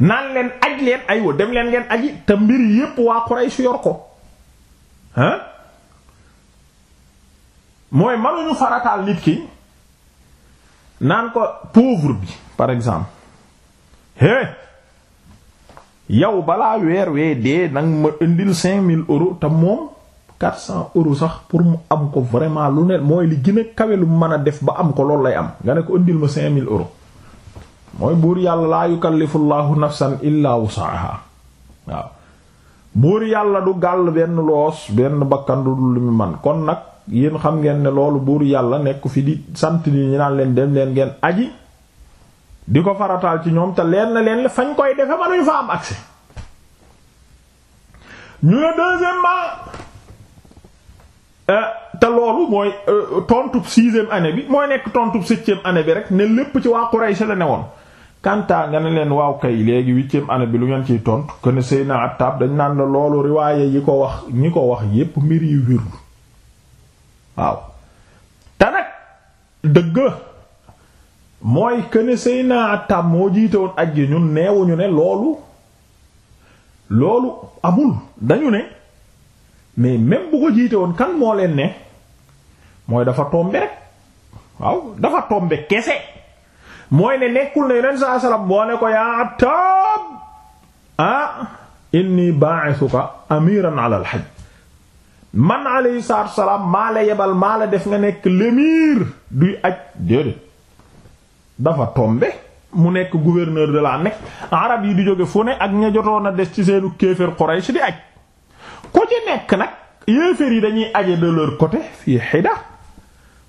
naan leen aj leen aywa dem leen ngeen aji te mbir yépp waa Quraysh yor ko hein mooy mënuñu farataal nit ki naan ko pauvre bi par exemple hé yow balaa weer wee dee nag ma indil cinq mille euros te moom quatre cents euros sax pour mu am ko vraiment lu ne mooy li gën a kawe lu a def ba am ko loolu lay am nga ne ko indil ma cinq mille euros mooy buur yàlla laa yukallifu llahu nafsan illaa wusaaha waaw buur yàlla du gàll benn loos benn bakkan du man kon nag yéen xam ngeen ne loolu buur yàlla nekk fi di sant ni ñu naan leen dem leen ngeen aji di ko farataal ci ñoom te leen leen fañ koy defe mënuñu fa am accès ñu ne deuxièmement euh, te loolu mooy euh, tontub sixième année bi mooy nekk tontub septième année bi rek ne lépp ci waa Quraysh la ne woon kanta nga ne leen waaw kay léegi huitième année bi lu ngeen ciy tontu que ne naa Attab dañ naan la loolu riwaaye yi ko wax ñi ko wax yépp mbir yi wérul waaw te dëgg mooy que ne naa Attab moo jiite woon aj gi ñun neewuñu ne loolu loolu amul dañu ne mais même bu ko jiite woon kan moo leen ne mooy dafa tombe rek waaw dafa tombe kese mooy ne nekkul ne yonent saa salaam boo ne ko yaa Attab ah inni ba'ithuka amiran ala al-hajj man alayhi salaatu salaam maa la yebal maa la def nga nekk l'émir duy aj déedéet dafa tombe mu nekk gouverneur de la Mecque arab yi di jóge fu ne ak ña jotoon a des ci seenu kéefër Quraysh di aj ku ci nekk nag yéeféer yi dañuy aje de côté fii xida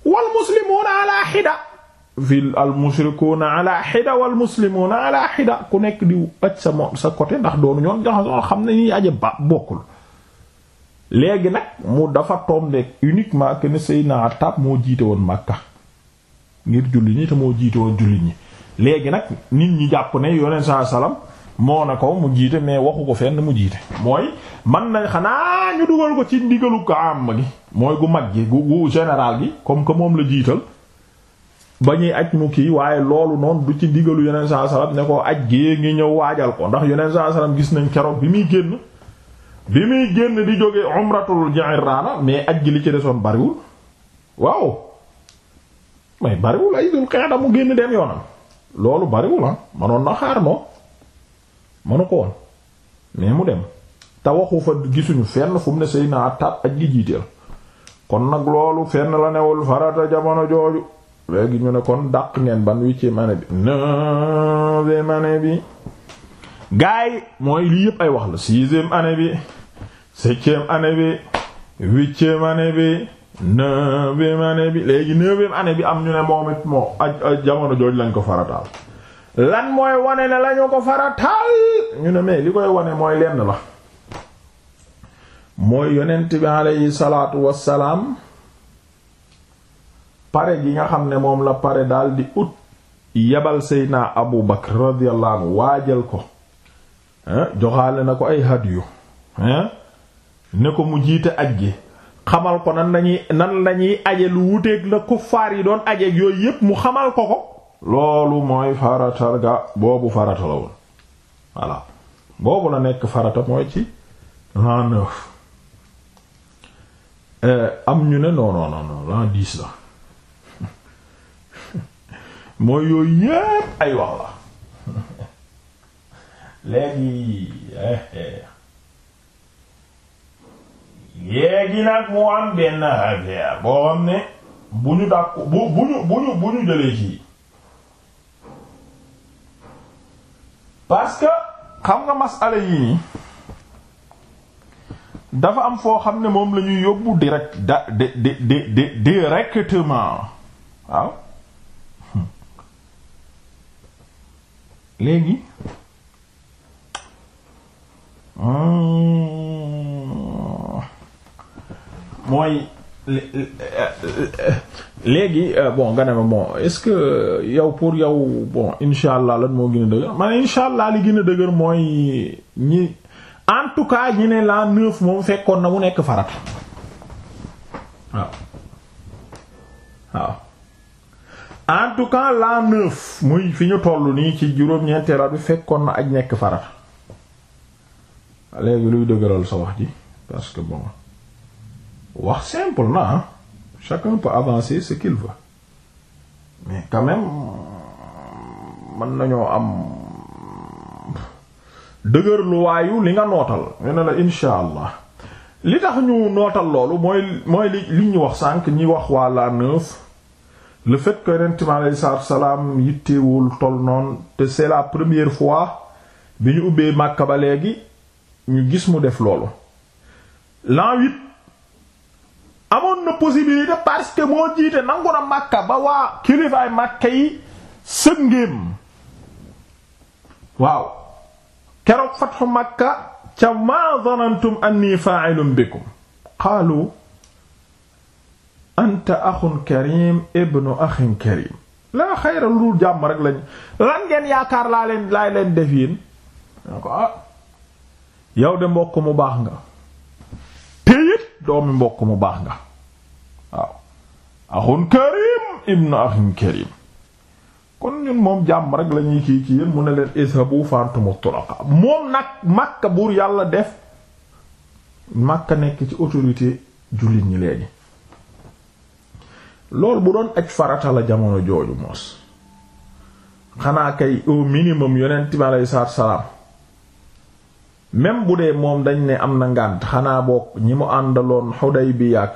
wal muslimuuna ala xida fi al mushrikuuna ala xida wal muslimuuna ala xida ku nekk di aj sa moom sa côté ndax doonu ñoon jaxasoo xam na ñuy aje ba bokkul léegi nag mu dafa tombeek uniquement que ne naa Attaab moo jiite woon Makka ngir julli ñi te moo jiite woon julli ñi léegi nag nit ñi jàpp ne yoneen sa salaam moo na ko mu jiite mais waxu ko fenn mu jiite mooy man nañ xanaa ñu dugal ko ci ndigalu ko am gi mooy gu mag gi gu gu général gi comme que moom la jiital ba ñuy aj mu kii waaye loolu noonu du ci digalu yeneen saa salaam ne ko aj gée ngi ñëw waajal ko ndax yeneen saa salaam gis nañ keroog bi muy génn bi muy génn di jógee umratul Ji'rana mais aj gi li ci desoon bariwul waaw mais bariwul ay dul xeeda mu génn dem yoonam loolu bariwul ah manoon na xaar noo manu ko woon mais mu dem te waxu fa gisuñu fenn fu mu ne sëy naa tab aj gi jiiteel kon nag loolu fenn la newul farata jamono jooju léegi ñu ne kon dàq ngeen ban huitième année bi neuvième année bi gaay mooy lii yëpp ay wax la sixième année bi septième année bi huitième année bi neuvième bi léegi neuvième année bi am ñu ne moom it moo aj jamono jooj lañ ko farataal lan mooy wane ne lañu ko farataal ñu ne mais li koy wane mooy lenn la mooy yonent bi aleyhi salaatu salaam pare gi nga xam ne moom la pare daal di ut yebal seydna abu bakr radiyallahu anhu waajal ko joxaale na ko ay hadiyu ne ko mu jiite ak gi xamal ko nan lañuy nan lañuy aje lu wuteeg la kuffaar yi doon ajeeg yooyu yépp mu xamal ko ko loolu mooy faratal ga boobu farata la woon voilà boobu la nekk farata mooy ci l'an euh, am ñu ne non non la mooy yooyu yépp ay wax la léegi eh, eh. léegi nag mu am benn affaire boo xam ne bu ñu dàqu bu bu ñu bu ñu bu ñu jëlee ci parce que xam nga masala yii nii dafa am foo xam ne moom lañuy ñuy yóbbu direct da de de de directement waaw léegi mooy léegi euh, bon nga ne ma bon ce que yow pour yow bon insha allah lan moo gën dëgër man insha allah li gën dëgër mooy ñi en tout cas ñi ne la neuf moom fekkoon na mu nekk farata waaw waaw en tout cas l'an neuf muy fi ñu toll nii ci juróom-ñeenteel at bi fekkoon na ak nekk farata léegi luy dëgëral sa wax ji parce que bon wax simple na chacun peut avancer ce qu'il mais quand mën nañoo am dëgër lu li nga nootal ñu ne la insha li tax ñu nootal loolu mooy mooy li li ñu wax sànq ñi wax waa l'an neuf le fait que yonent bi salaam yittewul toll noonu te c'est la première fois bi ñu ubbee Makka ba léegi ñu gis mu def loolu l'an huit amoon na possibilité parce que moo jiite nangu na Makka ba waa kilifaay Makka yi sëngéem waaw keroog fatxu Makka ca ma zanantum anni fa'ilun bikum qaalu anta axun karim ibnu axin karim laa xayra lu dul jàmm rek lañ lan yaakaar laa leen laa leen def yéen ko ah yow de mbokk mu baax nga te doomi mbokk mu baax nga waaw axun karim ibnu axin karim kon ñun moom jàmm rek la ñuy kii ci yéen mu ne leen ishabu fantumu tulaqa moom nag Makka buur yàlla def Makka nekk ci autorité jullit ñi léegi lool bu doon aj farata la jamono jooju moos xanaa kay au minimum yonent bi aleyhi salaam même bu dee moom dañ ne am na ngànt xanaa bokk ñi mu àndaloon Xudaybiya ak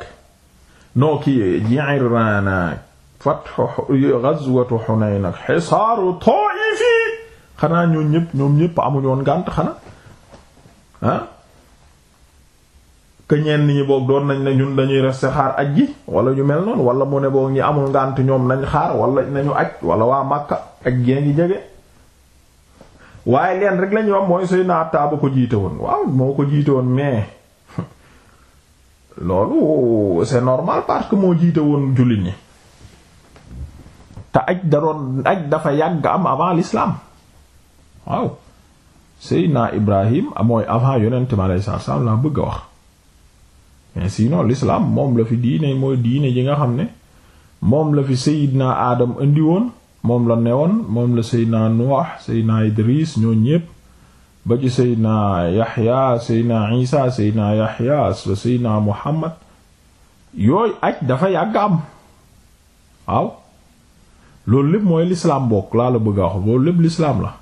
noo ki Ji'irraana fathu ghazwatu Hunayn ak xisaaru Taa'if xanaa ñoo ñëpp ñoom ñëpp amuñoon ngànt xanaa ah? que ñenn ñi boog doon nañ ne ñun dañuy rester xaar aj ji wala ñu mel noonu wala mu ne boog ñi amul ngànt ñoom nañ xaar wala nañu aj wala waa Makka ak gee ngi jege. waaye leen rek lañuy ñu mooy suy naataa jiite woon waaw moo ko jiite woon mais loolu c'est normal parce moo jiite woon jullit ñi te dafa yàgg am avant l'islam waaw Seydina Ibrahim mooy avant yonent mi alayhi salaam la bëgg a wax. mais sinon moom la fi diine mooy diine ji nga xam ne moom la fi Seydina Adam indi woon moom la newoon moom la Seydina Nuux Seydina Idris ñoo ñépp ba ci Seydina Yaxya Seydina Isa Seydina Yaxya Seydina Muhammad yooyu aj dafa yàgg am waaw loolu lépp mooy lislaam bokk laa la bëgg loolu lépp lislaam la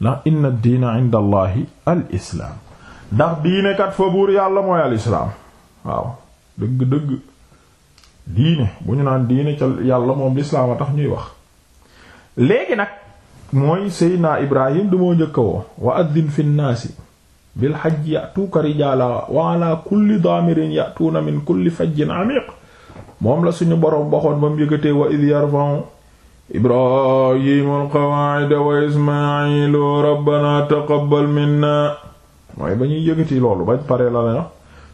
ndax inna diina inda allahi al islaam ndax diine fa buur yàlla mooy al islaam waaw dëgg-dëgg diine bu ñu naan diine ca yàlla moom lislaam a tax ñuy wax léegi nag mooy seydna ibrahim du moo njëkka woo wa addin fi nnaasi bil hajji yatuuka rijaala wa ala kulli daamirin yatuuna min kulli fajjin amiq moom la suñu boroom waxoon ba mu yëgatee wa id yarfa'u ibrahimu alqawaacida wa ismailu rabbana taqabbal minna mooy ba ñuy yëgati loolu bañ pare la na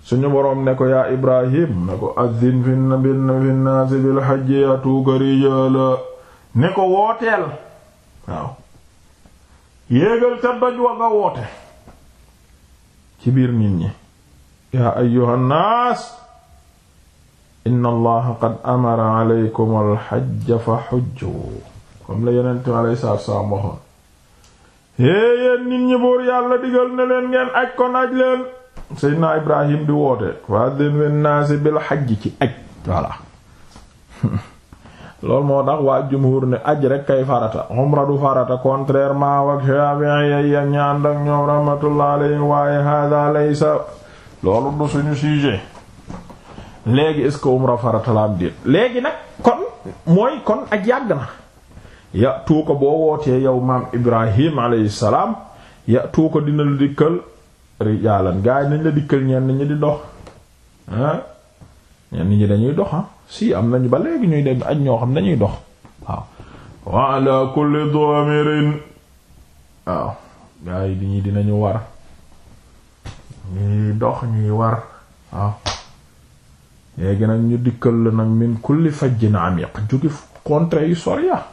suñu boroom ne ko yaa ibrahim ne ko azzin fin binnaasi bil hajji yatuuka rijaala ne ko wooteel waaw yéegal ca doj wa nga woote ci biir nit ñi yaa ayyuhan naas inna allaha qad amara alaykum alxajja fa xujju comme la yonent mi alayhi salaatu salaam hee yéen nit ñi buur yàlla digal na leen ngeen aj kon aj leen seydna ibrahim di woote fa'dhin fin naasi bil xajji ci aj voilà loolu moo tax waa jumhur ne aj rek kay farata umra du farata contrairement wak Shafi'i ya ñi ànd ak ñoom rahmatullah waaye hada laysa loolu du suñu sujet léegi est-ce que umra farata la nag kon mooy kon ak yàgg na ya tuu ko boo wootee yow maam ibrahim alayhi salaam ya tuu ko dina lu dikkal rijaalan gaa yi nañ la dikkal ñenn ñu di dox ah ñenn ñi dañuy dox ah si am nañu ba léegi ñuy dem ak ñoo xam dañuy dox waaw wa ala kulli damirin waaw gaa yi di ñi dinañu war ñuy dox ñuy war waaw léegi nag ñu dikkal la nag min kulli fajjin amiq jóge contrées yu sori ya ah.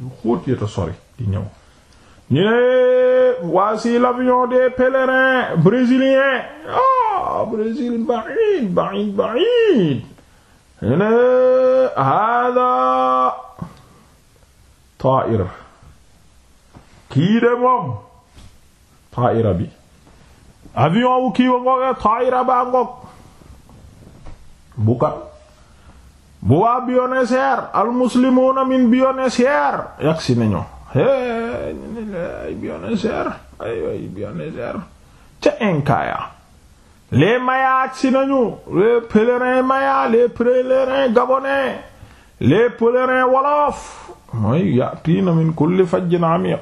yu xóot ya te sori di ñëw voici l'avion des pèlerins brésiliens ah Brésil baid baid baid ne hada taira kii de moom taira bi avion wu kii wa ngooge taira baa ngoog bukat bu waa Buenos Aires min Buenos Aires nañu ay Buenos Aires ay ay ca Inca ya les Mayas agsi nañu les pèlerins Mayas les pèlerins gabonais les pèlerins wolof mooy yatiina min kulli fajjin amiq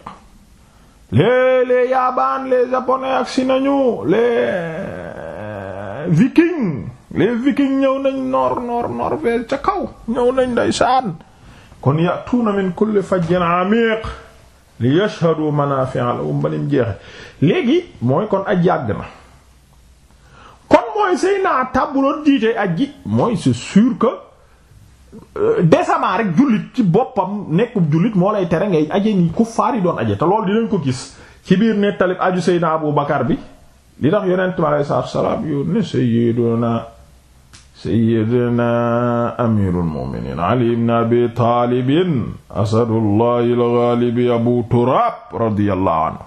les les yabaan les japonais agsi nañu les vikings les vikings ñëw nañ noor noor Norvège ca kaw ñëw nañ ndeysaan kon yatuuna min kulli fajjin amiq li yashhadu manafi'a lahum banim jeexe léegi mooy kon aj yàgg na kon mooy say naa tàbbuloon jiite aj ji mooy c'est sûr que euh, décemment rek jullit ci boppam nekkub jullit moo lay tere ngay aje ni kuffaar yi doon aje te loolu dinañ ko gis ci biir nettalib aju Seydina Abu Bakar bi li tax yonent mi salaam yu ne sayyiduna sayyidina amirul mu'minin ali ibn abi taalibin asadullahi al-ghalibi abu turaab radiyallahu anhu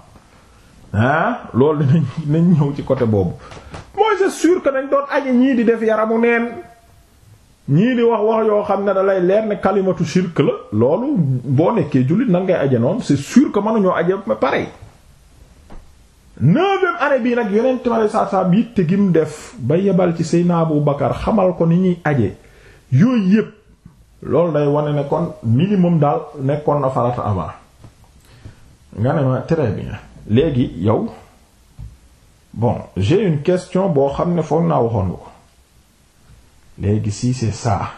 ah loolu dinañ nañ ñëw ci côté boobu mooy c'est sûr que doon aje ñii di def yaramu neen ñii di wax wax yoo xam ne dalay lay leer ne kalimatu shirk la loolu boo nekkee jullit nan ngay aje noonu c'est sûr que mënuñoo aje pare neuvième année bii nag yeneen ma lay saa saa yitte gi mu def ba yebal ci Seydina Abu Bakar xamal ko ni ñuy aje yooyu yëpp loolu day wane ne kon minimum daal nekkoon na farata avant nga ne ma très bien léegi yow bon j'ai une question boo xam ne foog naa waxoon nga ko léegi si c'est ça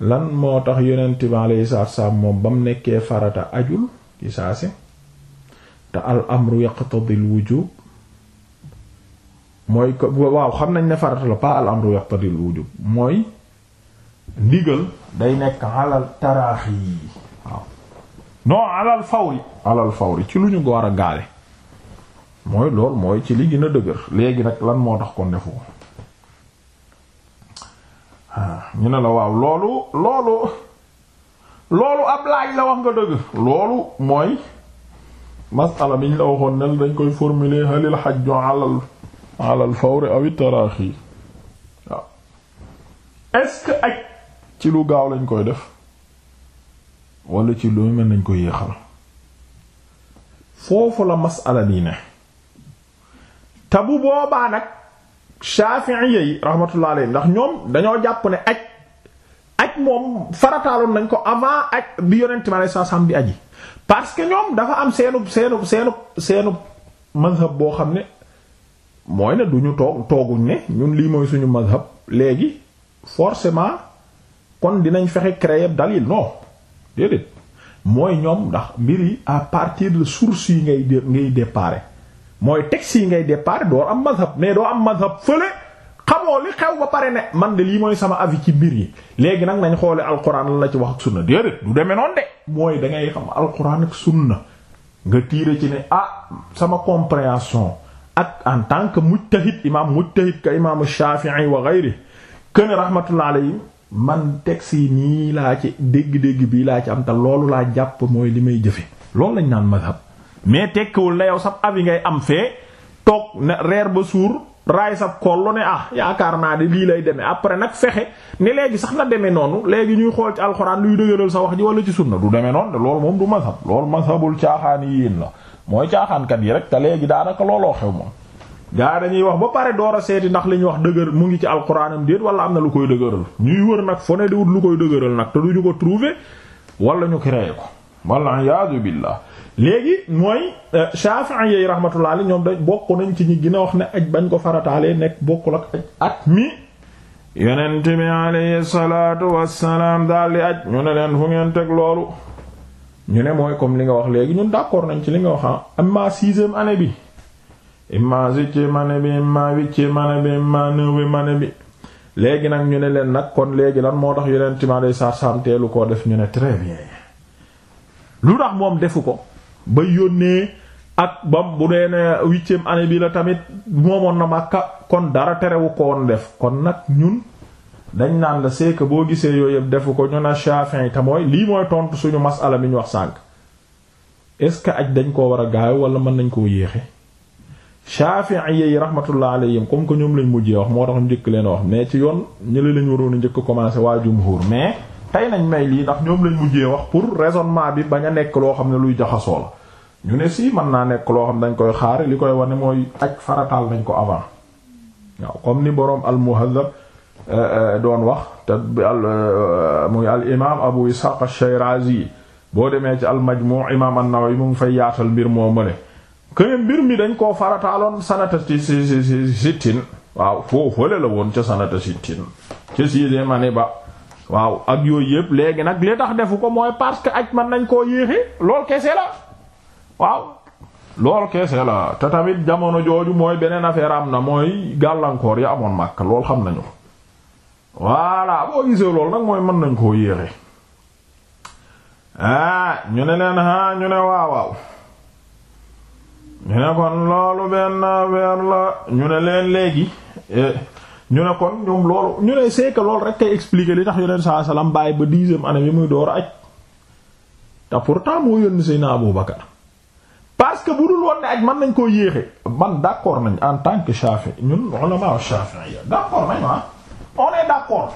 lan moo tax yonent ma lay moom ba mu nekkee farata ajul ci saa si te al amru yaqtadi al wujub mooy ko waaw xam nañ ne farata la pas al amru yaqtadi al wujub mooy ndigal day nekk alal taraax yi waaw non alal fawri alal fawri ci lu ñu ko war a gaale mooy lool mooy ci li gën a dëgër léegi nag lan moo tax kon defu ko ah, ñu ne la waaw loolu loolu loolu ab laaj la wax nga dëgg loolu mooy masala bi ñu la waxoon ne dañ koy formuler halil xajju alal alal fawri awi taraaxi waaw est que ak ci lu gaaw lañ koy def wala ci lu mel nañ ko yéexal foofu la masala bi ne te bu boobaa nag Shafi'i yi rahmatullah alayhi ndax ñoom dañoo jàpp ne ak aj moom farataaloon nañ ko avant aj bi yonent mi sallallahu alayhi wasallam bi aji parce que ñoom dafa am seenub seenub seenub seenub mazhab boo xam ne mooy ne ñu toog tooguñ ne ñun lii mooy suñu mazhab léegi forcément kon dinañ fexe créer dalil non déedéet mooy ñoom ndax mbir yi à partir de source yi ngay ngay départ mooy texte yi ngay départ doo am mazhab mais doo am mazhab fële xamoo li xew ba pare ne man de lii mooy sama avis ci biir yi léegi nag nañ xoole alquran lan la ci wax ak sunna déedéet du demee noonu de mooy da ngay xam alquran ak sunna nga tiire ci ne ah sama compréhension ak en tant que mujtahid imam mujtahid ka imam Shafi'i wa ghayri ken rahmatullah alayhi man texte yi nii laa ci dégg-dégg bii laa ci am te loolu laa jàpp mooy li may jëfe loolu lañ naan madhab mais tekkiwul na yow sax avis ngay am fee toog ne reer ba suur raay sab kollu ne ah yaakaar naa de lii lay demee après nag fexe ne léegi sax na demee noonu léegi ñuy xool ci alxuraan luy dëgëral sa wax ji wala ci sunna du demee noonu de loolu moom du masab loolu masabul caaxaan yi yéen la mooy caaxaankat yi rek te léegi daanaka looloo xew moom gaa dañuy wax ba pare door a seeti ndax li ñu wax dëgër mu ngi ci alxuraanam déet wala am na lu koy dëgëral ñuy wër nag fo ne di wut lu koy dëgëral nag te duñu ko trouver wala ñu créé ko wala iyaadu léegi mooy euh, Shafi'i yi rahmatullah alayhi ñoom dañ bokk nañ ci ñi gën a wax ne aj bañ ko farataalee nekk bokkul ak aj at mi yonent bi alayhi salaatu wassalaam daal di aj ñu ne leen fu ngeen teg loolu ñu ne mooy comme li nga wax léegi ñun d'accord nañ ci li nga wax am ah. amma sixième année bi imma septième année bi imma huitième année bi imma neuvième mane bi léegi nag ñu ne leen nag kon léegi lan moo tax yonent bi alayhi salaatu wassalaam teelu koo def ñu ne très bien lu tax moom defu ko ba yónnee ak bam bu dee ne huitième année bi la tamit moomoon na Makka kon dara terewu ko woon def kon nag ñun dañ naan la c'est boo gisee yooyu defu ko ñu na Shafi'i te mooy lii mooy tontu suñu masala mi ñu wax sànk est-ce que aj dañ koo war a gaaw wala mën nañ koo yéexe Shafi'i yi rahmatullah alayhim comme que ñoom lañ mujjee wax moo tax njëkk leen wax mais ci yoon ñële lañ waroon a njëkk commencé waa jumhur mais tey nañ may lii ndax ñoom lañ mujjee wax pour raisonnement bi bañ a nekk loo xam ne luy jaxasoo la ñu ne si man naa nekk loo xam dañ koy xaar li koy wane mooy aj farataal nañ ko avant waaw comme ni boroom al-Muhazzab euh, euh, doon wax te euh, muy al imaam Abu Ishaq ash-Shirazi boo demee ci al-Majmu' imaam an-Nawawi mu ngi fay yaatal mbir moo mëne ne mbir mi dañ koo farataaloon sanata ci sittin waaw foofu la woon ca sanata sittin ca sixième année ba waaw ak yooyu yëpp léegi nag li tax defu ko mooy parce que aj man nañ koo yéexe lool kese la waaw lool kese la te tamit jamono jooju mooy beneen affaire am na mooy gàllankoor yi amoon màkk lool xam nañu ko voilà mooy mën nañ koo yéexe ah, ñu ne leen ah ñu ne waaw waaw ñu ne kon loolu benn affaire la ñu ne leen léegi eh, ñu ne ko ñoom loolu ñu ne c'est loolu rek kay expliquer li tax yonent saa salaam bàyyi ba dixième année bi muy door a aj te pourtant moo yónni Seydina Abu Bakar parce que bu dul woon ne aj mën nañ koo yéexe man d'accord nañ en tant que Shafi'i ñun ulama Shafi'i d'accord ah on est d'accord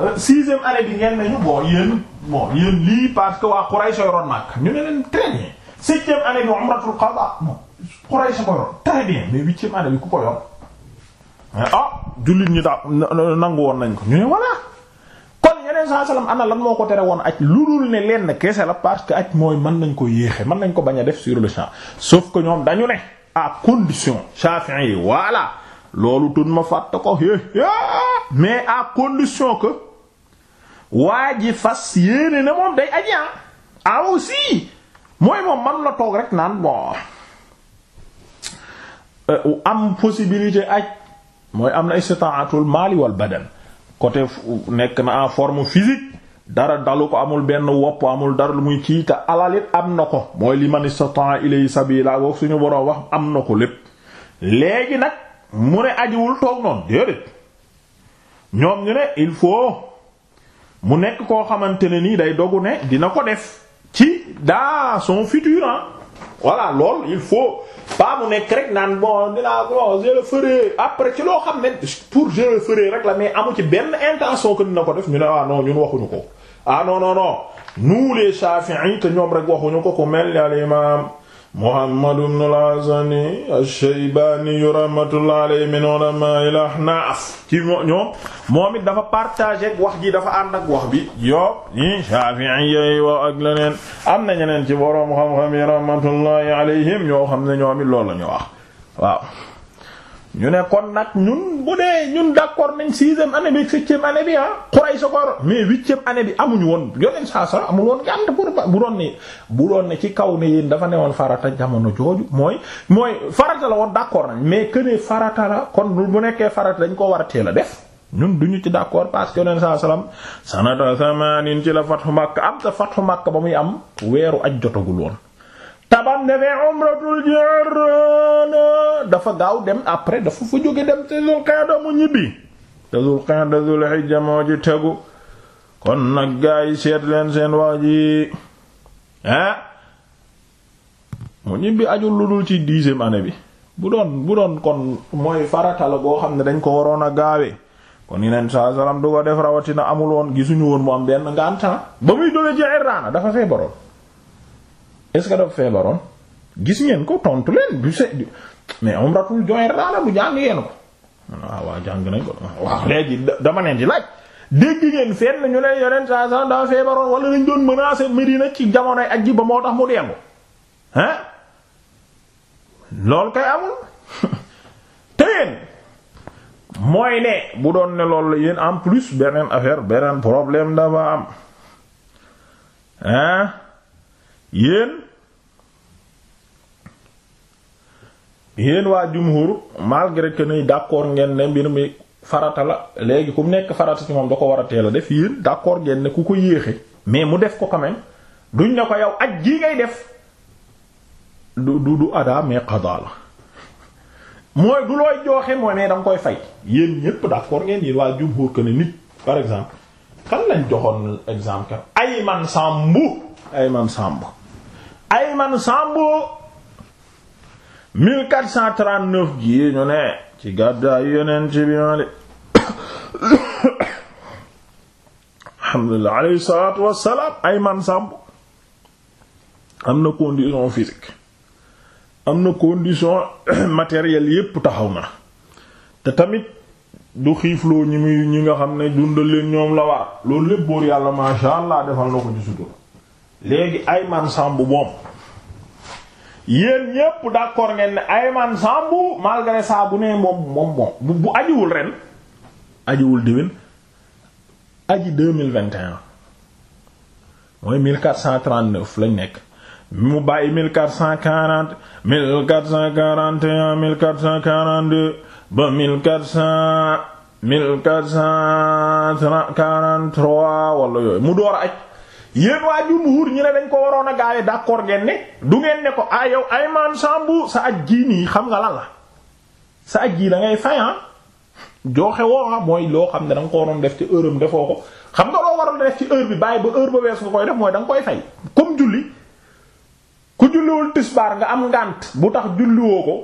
euh, sixième année bi ngeen nañu bon yéen bon yéen lii parce que waa Quraysh yoroon nag ñu ne leen très bien septième année bi umratul qada ku ko yor ah jullit ñi daa nangu woon nañ ko ñu ne voilà kon yeneen saa salaam ana lan moo ko tere woon aj lu dul ne lenn kese la parce que aj mooy mën nañ ko yéexe man nañ ko bañ a def sur le champ sauf que ñoom dañu ne a condition Shafi'i yi voilà loolu tun ma fàtte ko mais à condition que waa ji fas yéene ne moom day aji ah, ah aussi mooy moom man la toog rek naan bon euh, am possibilité aj mooy am na istitaatul maali wal badan côté nekk na en forme physique dara dalu ko amul benn wopp amul dara lu muy kii te alalit am na ko mooy li man istata ilay sabila wax suñu boroom wax am na ko lépp léegi nag mu ne ajiwul toog noonu déedéet ñoom ñu ne il faut mu nekk koo xamante ne nii day dogu ne dina ko def ci daa son futur voilà lool il faut pas mu nekk rek naan bon dinaa bon je le ferai après ci loo xam ne pour je le ferai rek la mais amu ci benn intention que na ko def ñu ne ah non ñun waxuñu ko ah non non non nous les Shafi'i te ñoom rek waxuñu ko ku mel ni al imam Muhammadu ibn al-Hasani ash-Shaybani rahmatullah alayhi min ulama al-Ahnaf ci ñoom moom it dafa partagé wax ji dafa ànd ak wax bi yo ñi Shafi'i wa ak leneen am na ñeneen ci boroom xam-xam yi rahmatullahi alayhim ñoo xam ne ñoom lool loolu la waaw ñu ne kon nag ñun bu dee ñun d'accord nañ sixième année bi septième année bi ah Quraysh sa ko mais huitième année bi amuñu woon yoneen saa sa amul woon gànt pour bu doon bu doon ne ci kaw ne yéen dafa newoon farata jamono jooju mooy mooy farata la woon d'accord nañ mais que ne farata la kon bu nekkee farata dañ ko war teel a def ñun duñu ci d'accord parce que yoneen saa salaam sanata samanin ci la fathu Makka am te fathu Makka ba muy am weeru aj jotagul woon tabam defee umratul dafa gaaw dem après dafa fa jóge dem te zul qa'da mu ñibbi te zul qa'da zul moo ci tegu kon nag gaa yi seet leen seen wax ji ah mu ñibbi ajul lu dul ci dixième année bi bu doon bu doon kon mooy farata la boo xam ne dañ ko waroon a gaawee kon yeneen saa salaam du ko def rawatina amul woon gisuñu woon mu am benn ngànta ba muy jóge ci Irana dafa feebaroon est-ce que dafa feebaroon gis ngeen ko tontu leen bu se mais umratul joyra la bu jàng ngeen ko waaw ah, waaw jàng nañ ko waaw léegi dama neen di laaj dégg ngeen fenn ñu leen yoneen saa saa daa feebaroon wala dañ doon menacer Medina ci jamonoy ak ji ba moo tax mu deengu hein loolu kay amul te mooy ne bu doon ne loolu yéen en plus beneen affaire beneen problème dafa am hein yéen yéen waa jumhur malgré que ni d'accord ngeen ne mbir mi farata la léegi ku nekk farata ci moom da ko war a teel a def yéen d'accord ngeen ne ku ko yéexe mais mu def ko quand duñ ne ko yow ak jii ngay def du du du ada mais qada la mooy du looy joxe mooy mais da koy fay yéen ñépp d'accord ngeen yéen waa jumhur que ne nit par exemple kan lañ joxoon exemple kan Ayman Sambu Ayman Sambu ay man Ayman Sambo 1439 gi ñu ne ci gàddaay yonent bi mali alhamdulilah alayhi salaatu wassalaam Ayman Sambo am na condition physique am na condition matérielle yépp taxaw ma te tamit du xiifloo ñi muy ñi nga xam ne dundal leen ñoom la war loolu lépp boor yàlla masha Allah defal na ko ci sutura léegi Ayman Sambu moom yéen ñépp d'accord ngeen ne Ayman Sambu malgré ça bu nee moom moom bu ajiwul ren ajiwul diwin aji deux mille vingt et mooy mille quatre cent trente neuf lañ nekk mu bàyyi mille quatre cent quarante mille quatre cent quarante mille quatre cent quarante deux ba mille quatre cent mille quatre cent quarante trois wala yooyu mu door aj yéen waa jumhur ñu ne dañ ko waroon a gaawe d'accord ngeen ne du ngeen ne ko ah yow Ayman Sambu sa aj jii nii xam nga lan la sa aj jii da ngay fay ah jooxe woo ah, mooy loo xam ne da ko waroon def ci heure am defoo ko xam nga loo waroon def ci heure bi bàyyi ba heure ba wees nga koy def mooy da nga koy fay comme julli ku julliwul tisbaar nga am ngànt bu tax julliwoo ko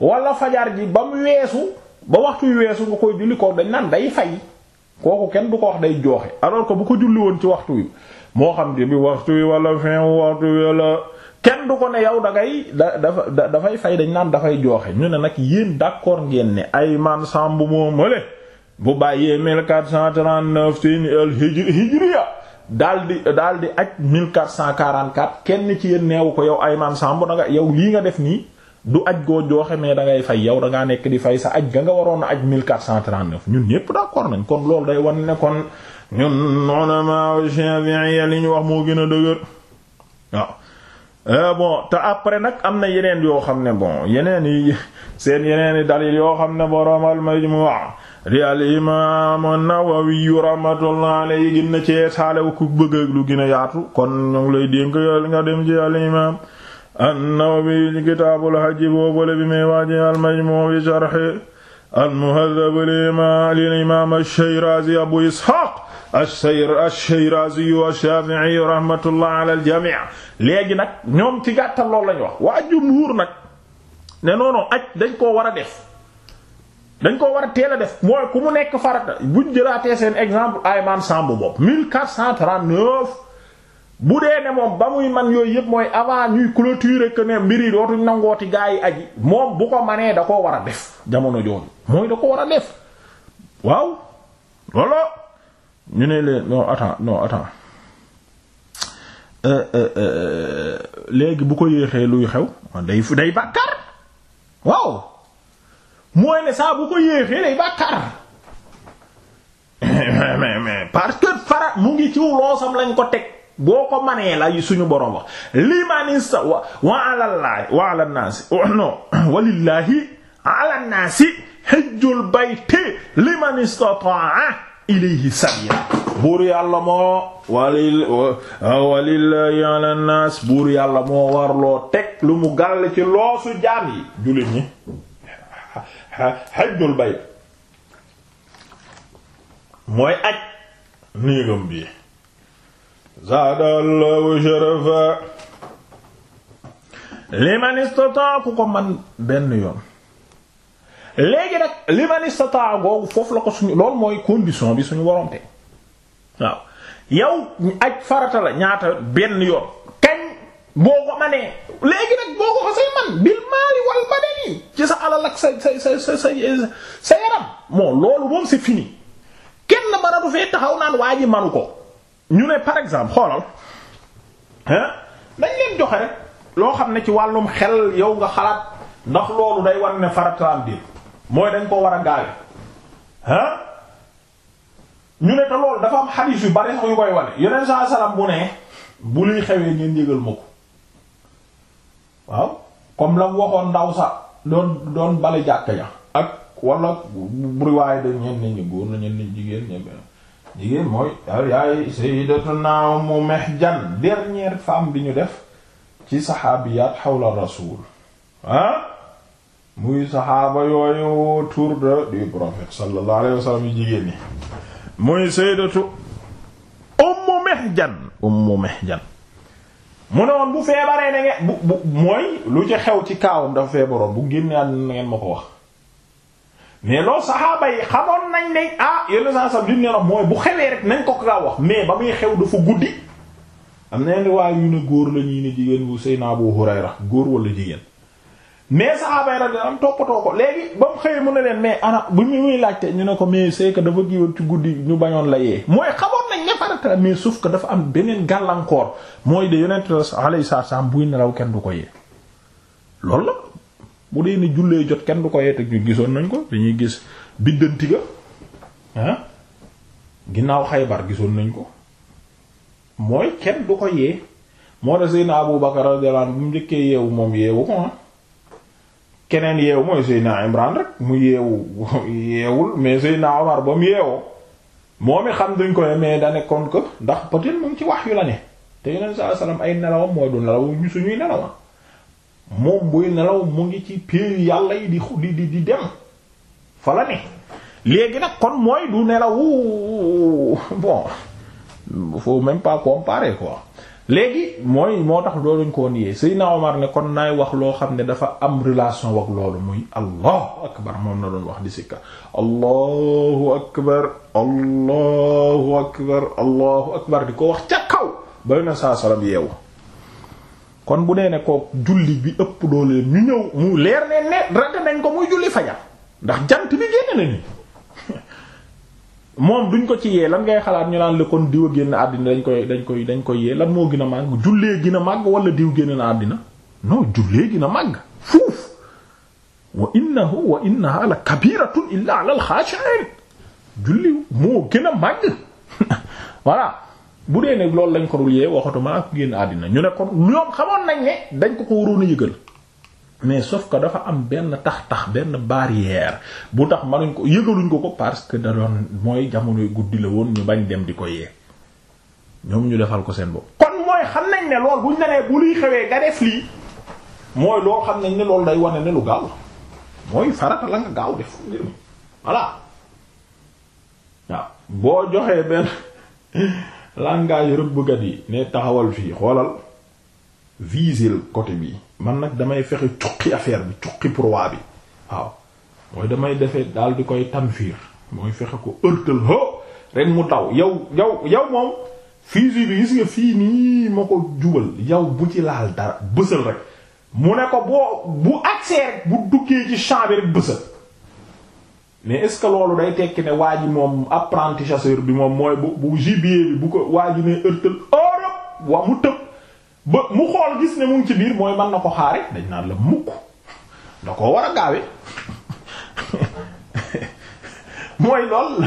wala fajar ji ba mu weesu ba waxtu weesu nga koy julli ko dañ naan day fay. kooku kenn du ko wax day jooxe alors que bu ko julli woon ci waxtu wi moo xam di bi waxtu wi wala fin waxtu wi wala kenn du ko ne yow da ngay da da dafay fay dañ naan dafay jooxe ñu ne nag yéen d'accord ngeen ne ay man Samb moo mële bu bàyyee 1439 seen al hijriya daal di daal di aj 1444 kenn ci yéen neewu ko yow ay man Samb da nga yow lii nga def nii du aj goo jooxe mais da ngay fay yow da ngaa nekk di fay sa aj ga nga waroon a aj 1439 ñun ñépp d'accord nañ kon loolu day wan ne kon ñun ulama Shafi'iyya li ñu wax moo gën a dëgër eh, bon te après nag am na yeneen yoo xam ne bon yeneen yi seen yeneen dalil yoo xam ne boroom al-Majmu' di al imaam an-Nawawi rahmatullah alayhi gën na ci saalew ku bëgg lu gën a yaatu kon lay dénk nga dem ci al imaam an-Nawawi ci kitaabul hajj boobale bi muy waaje al-Majmuu' bi sharh al-Muhadhab lil imaam ash-Shiraazi Abu Ishaaq ash-Shiraazi ash-Shaafi'i rahmatullah ala al-jamii' léegi nag ñoom ci gàttal loolu lañu wax waa jumhuur nag ne noonon aj dañ koo war a def dañ koo war a teel a def mooy ku mu nekk farata buñ jëlaatee seen exemple Ayman Samb bopp 1439 bu dee ne moom ba muy man yooyu yëpp mooy avant ñuy cloture que ne mbir yi dootuñ nangooti gaa yi aji moom bu ko manee da koo war a def jamono jooju mooy da ko war a def waaw loolu ñu ne leen non attends euh, euh, euh, léegi bu ko yéexee luy xew day day mooy ne saa bu ko yéexee day bàkkaar mais mais parce fara mu ngi ci loosam lañ ko teg. boo ko manee la yi suñu borom wax limanin sa wa wa alallahi wa ala naasi no walillahi ala naasi hajjul bayti liman istata'a ilayhi sabila buur yàlla moo walil walillahi ala naas buur yàlla moo war loo teg lu mu gàll ci loosu jaam yi jullit ñi hajjul bayt mooy aj néegam bi zaadallahu sharafa ku ko man benn yoon léegi nag liman istataa googu foofu la ko suñu loolu mooy condition bi suñu waroon teg waaw yow aj farata la ñaata benn yoon kañ boo ko manee léegi nag boo ko xasee man bil maali wal badani ci sa alal ak sa sa sa sa sa yaram bon loolu moom c'est fini kenn bara du fee taxaw naan waa ji manu ko ñu ne par exemple xoolal hein dañ leen joxe rek loo xam ne ci wàllum xel yow nga xalaat ndax loolu day war ne farataam bi mooy dañ ko war a gaawe hein ñu ne te loolu dafa am xadiis yu bari sax yu koy wane yeneen saa salaam bu ne bu luy xewee ngeen yëgal ma ko waaw comme la waxoon ndaw sa doon doon bale jàkk ja ak wala bu riwaay de ñenn ñi góor na ñenn ñi jigéen ñenn jigéen mooy yaay sayyidatuna Ummu Mihjan dernière femme bi ñu def ci saxaabiyaat xawla rasul ah muy saxaaba yooyu tour du prophète sallallahu alayhi wa jigéen ñi muy sayyidatu Ummu Mihjan Ummu Mihjan mu ne woon bu feebaree na ngeen bu bu mooy lu ci xew ci kaawam dafa feebaroon bu génne ànd na ngeen ma ko wax mais loolu saxaaba yi xamoon nañ ne ah yàlla saa sàmm li mu ne mooy bu xewee rek nañ ko kaa wax mais ba muy xew dafa guddi. am na yenn waaye yu ne góor la ñuy ne jigéen bu Seyna Abu Hurayra góor wala jigéen mais saxaaba yi rek am toppatoo ko léegi ba mu xëyee mu ne leen mais ana bu ñu muy laajte ñu ne ko mais c'est dafa giwoon ci guddi ñu bañoon la yee mooy xamoon nañ ne farata la mais sauf que dafa am beneen gàllankoor mooy de yonent alayhi salaam buy nelaw kenn du ko yee bu dee ni jullee jot kenn du ko yeete ñu gisoon nañ ko dañuy gis biddanti ga ah ginnaaw xaybar gisoon nañ ko mooy kenn du ko yee moo tax Seydina Abu Bakar radiyallahu bu mu njëkkee yeewu moom yeewu ko ah keneen yeewu mooy Seydina Imran rek mu yeewu yeewul mais Seydina Omar ba mu yeewoo moom i xam duñ ko ne mais da nekkoon ko ndax peut-être mu ci wax yu la ne te yeneen saa salaam ay nelawam mooy du nelaw ñu suñuy nelawa moom buy nelaw mu ngi ci péeyu yàlla yi di di di dem fa la ne léegi nag kon mooy du nelaw bon faut même pas comparer quoi léegi mooy moo tax looluñ ko woon yee Seydina Omar ne kon naay wax loo xam ne dafa am relation ak loolu muy allahu akbar moom na doon wax di sikka allahu akbar allahu akbar allahu akbar di ko wax ca kaw bay na saa salam yeewu kon bu dee ne kook julli bi ëpp doole ñu ñëw mu leer ne ne raté nañ ko muy julli fajar ndax jant bi génn na ni moom duñ ko ci yee lan ngay xalaat ñu naan la kon diw a génn àddina dañ koy dañ koy dañ koy yee lan moo gin a màgg jullee gin a màgg wala diw génn na àddina non jullee gën a màgg fuuf wa innahu wa innaha la kabiratun illa ala al xaashi'in julli moo gën a màgg voilà bu dee ne loolu lañ ko dul yee waxatuma ak génn àddina ñu ne kon ñoom xamoon nañ ne dañ ko ko waroon a yëgal mais sauf ko dafa am benn tax-tax benn barrière bu tax manuñ ko yëgaluñ ko ko parce que da doon mooy jamonoy guddi la woon ñu bañ dem di ko yee ñoom ñu defal ko seen bopp. kon mooy xam nañ ne lool buñ la nee bu luy xewee nga def lii mooy loolu xam nañ ne loolu day wane ne lu gaaw mooy farata la nga gaaw def voilà waaw boo langage rëbbkat yi ne taxawal fii xoolal viser côté bi man nag damay fexe cuqi affaire bi cuqi proie bi waaw mooy damay defe daal di koy fiir mooy fexe ko ërtal ho rek mu daw yow yow yow moom fusil bi gis nga fii nii ma ko jubal yow bu ci laal dara bësal rek mu ne ko boo bu accès rek bu duggee ci champ bi rek bësal mais est-ce que loolu day tekki ne waa ji moom apprenti chasseur bi moom mooy bu bu gibier bi bu ko waa ji ne ërtal orop oh, wa mu tëb ba mu xool gis ne mu ngi ci biir mooy man na ko xaare dañ naan la mukk da koo war a gaawe mooy lool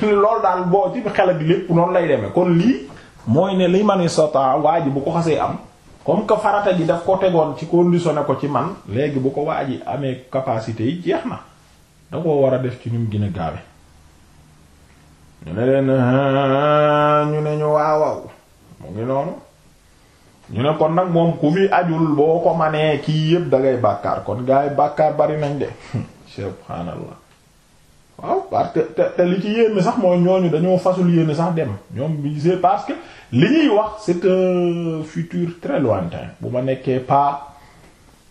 loolu daal boo ci xela bi lépp noonu lay demee kon lii mooy ne li man istata waa ji bu ko xasee am comme que farata ji daf ko tegoon ci conditionné ko ci man léegi bu ko waa amee capacité yi jeex na da koo war a def ci ñu gën a gaawe ñu ne leen ñu ne ñu waawaw mu ngi noonu ñu ne kon nag moom ku fi ajul boo ko manee kii yëpp dangay bàkkaar kon gaa yi bàkkaar bari nañ de subhaanallah waaw parce que te li ci yéeme sax mooy ñooñu dañoo fasul yéene sax dem ñoom c'est parce que li ñuy wax c'est un futur très lointain bu ma nekkee paa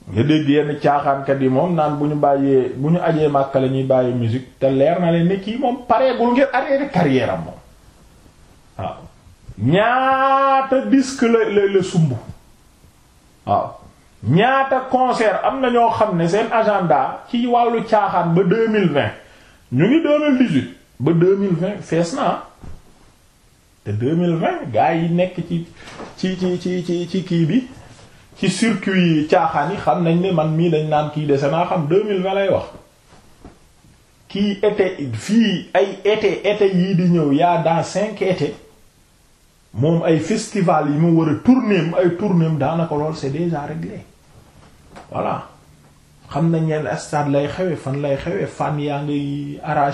nga dégg yenn caaxaankat yi moom naan bu ñu bàyyee bu ñu ajee màkka la ñuy bàyyi musique te leer na leen ne kii moom pareegul ngir arrêté carrière am moom waaw ñaata disque la la sumb waaw ñaata concert am na ñoo xam ne seen agenda ci wàllu caaxaan ba deux mille vingt ñu ngi deux mille ba deux mille vingt fees naa te deux mille vingt gaa yi nekk ci ci ci ci ci kii bi. ci circuit yi caaxaan yi xam nañ ne man mii dañ naan kii dese naa xam deux mille vingt lay wax kii été fii ay été été yii di ñëw yaa dans cinq été moom ay festival yi mu war a tournéem ay tournéem daanaka lool c'est déjà réglé xam nañ ñeen stade lay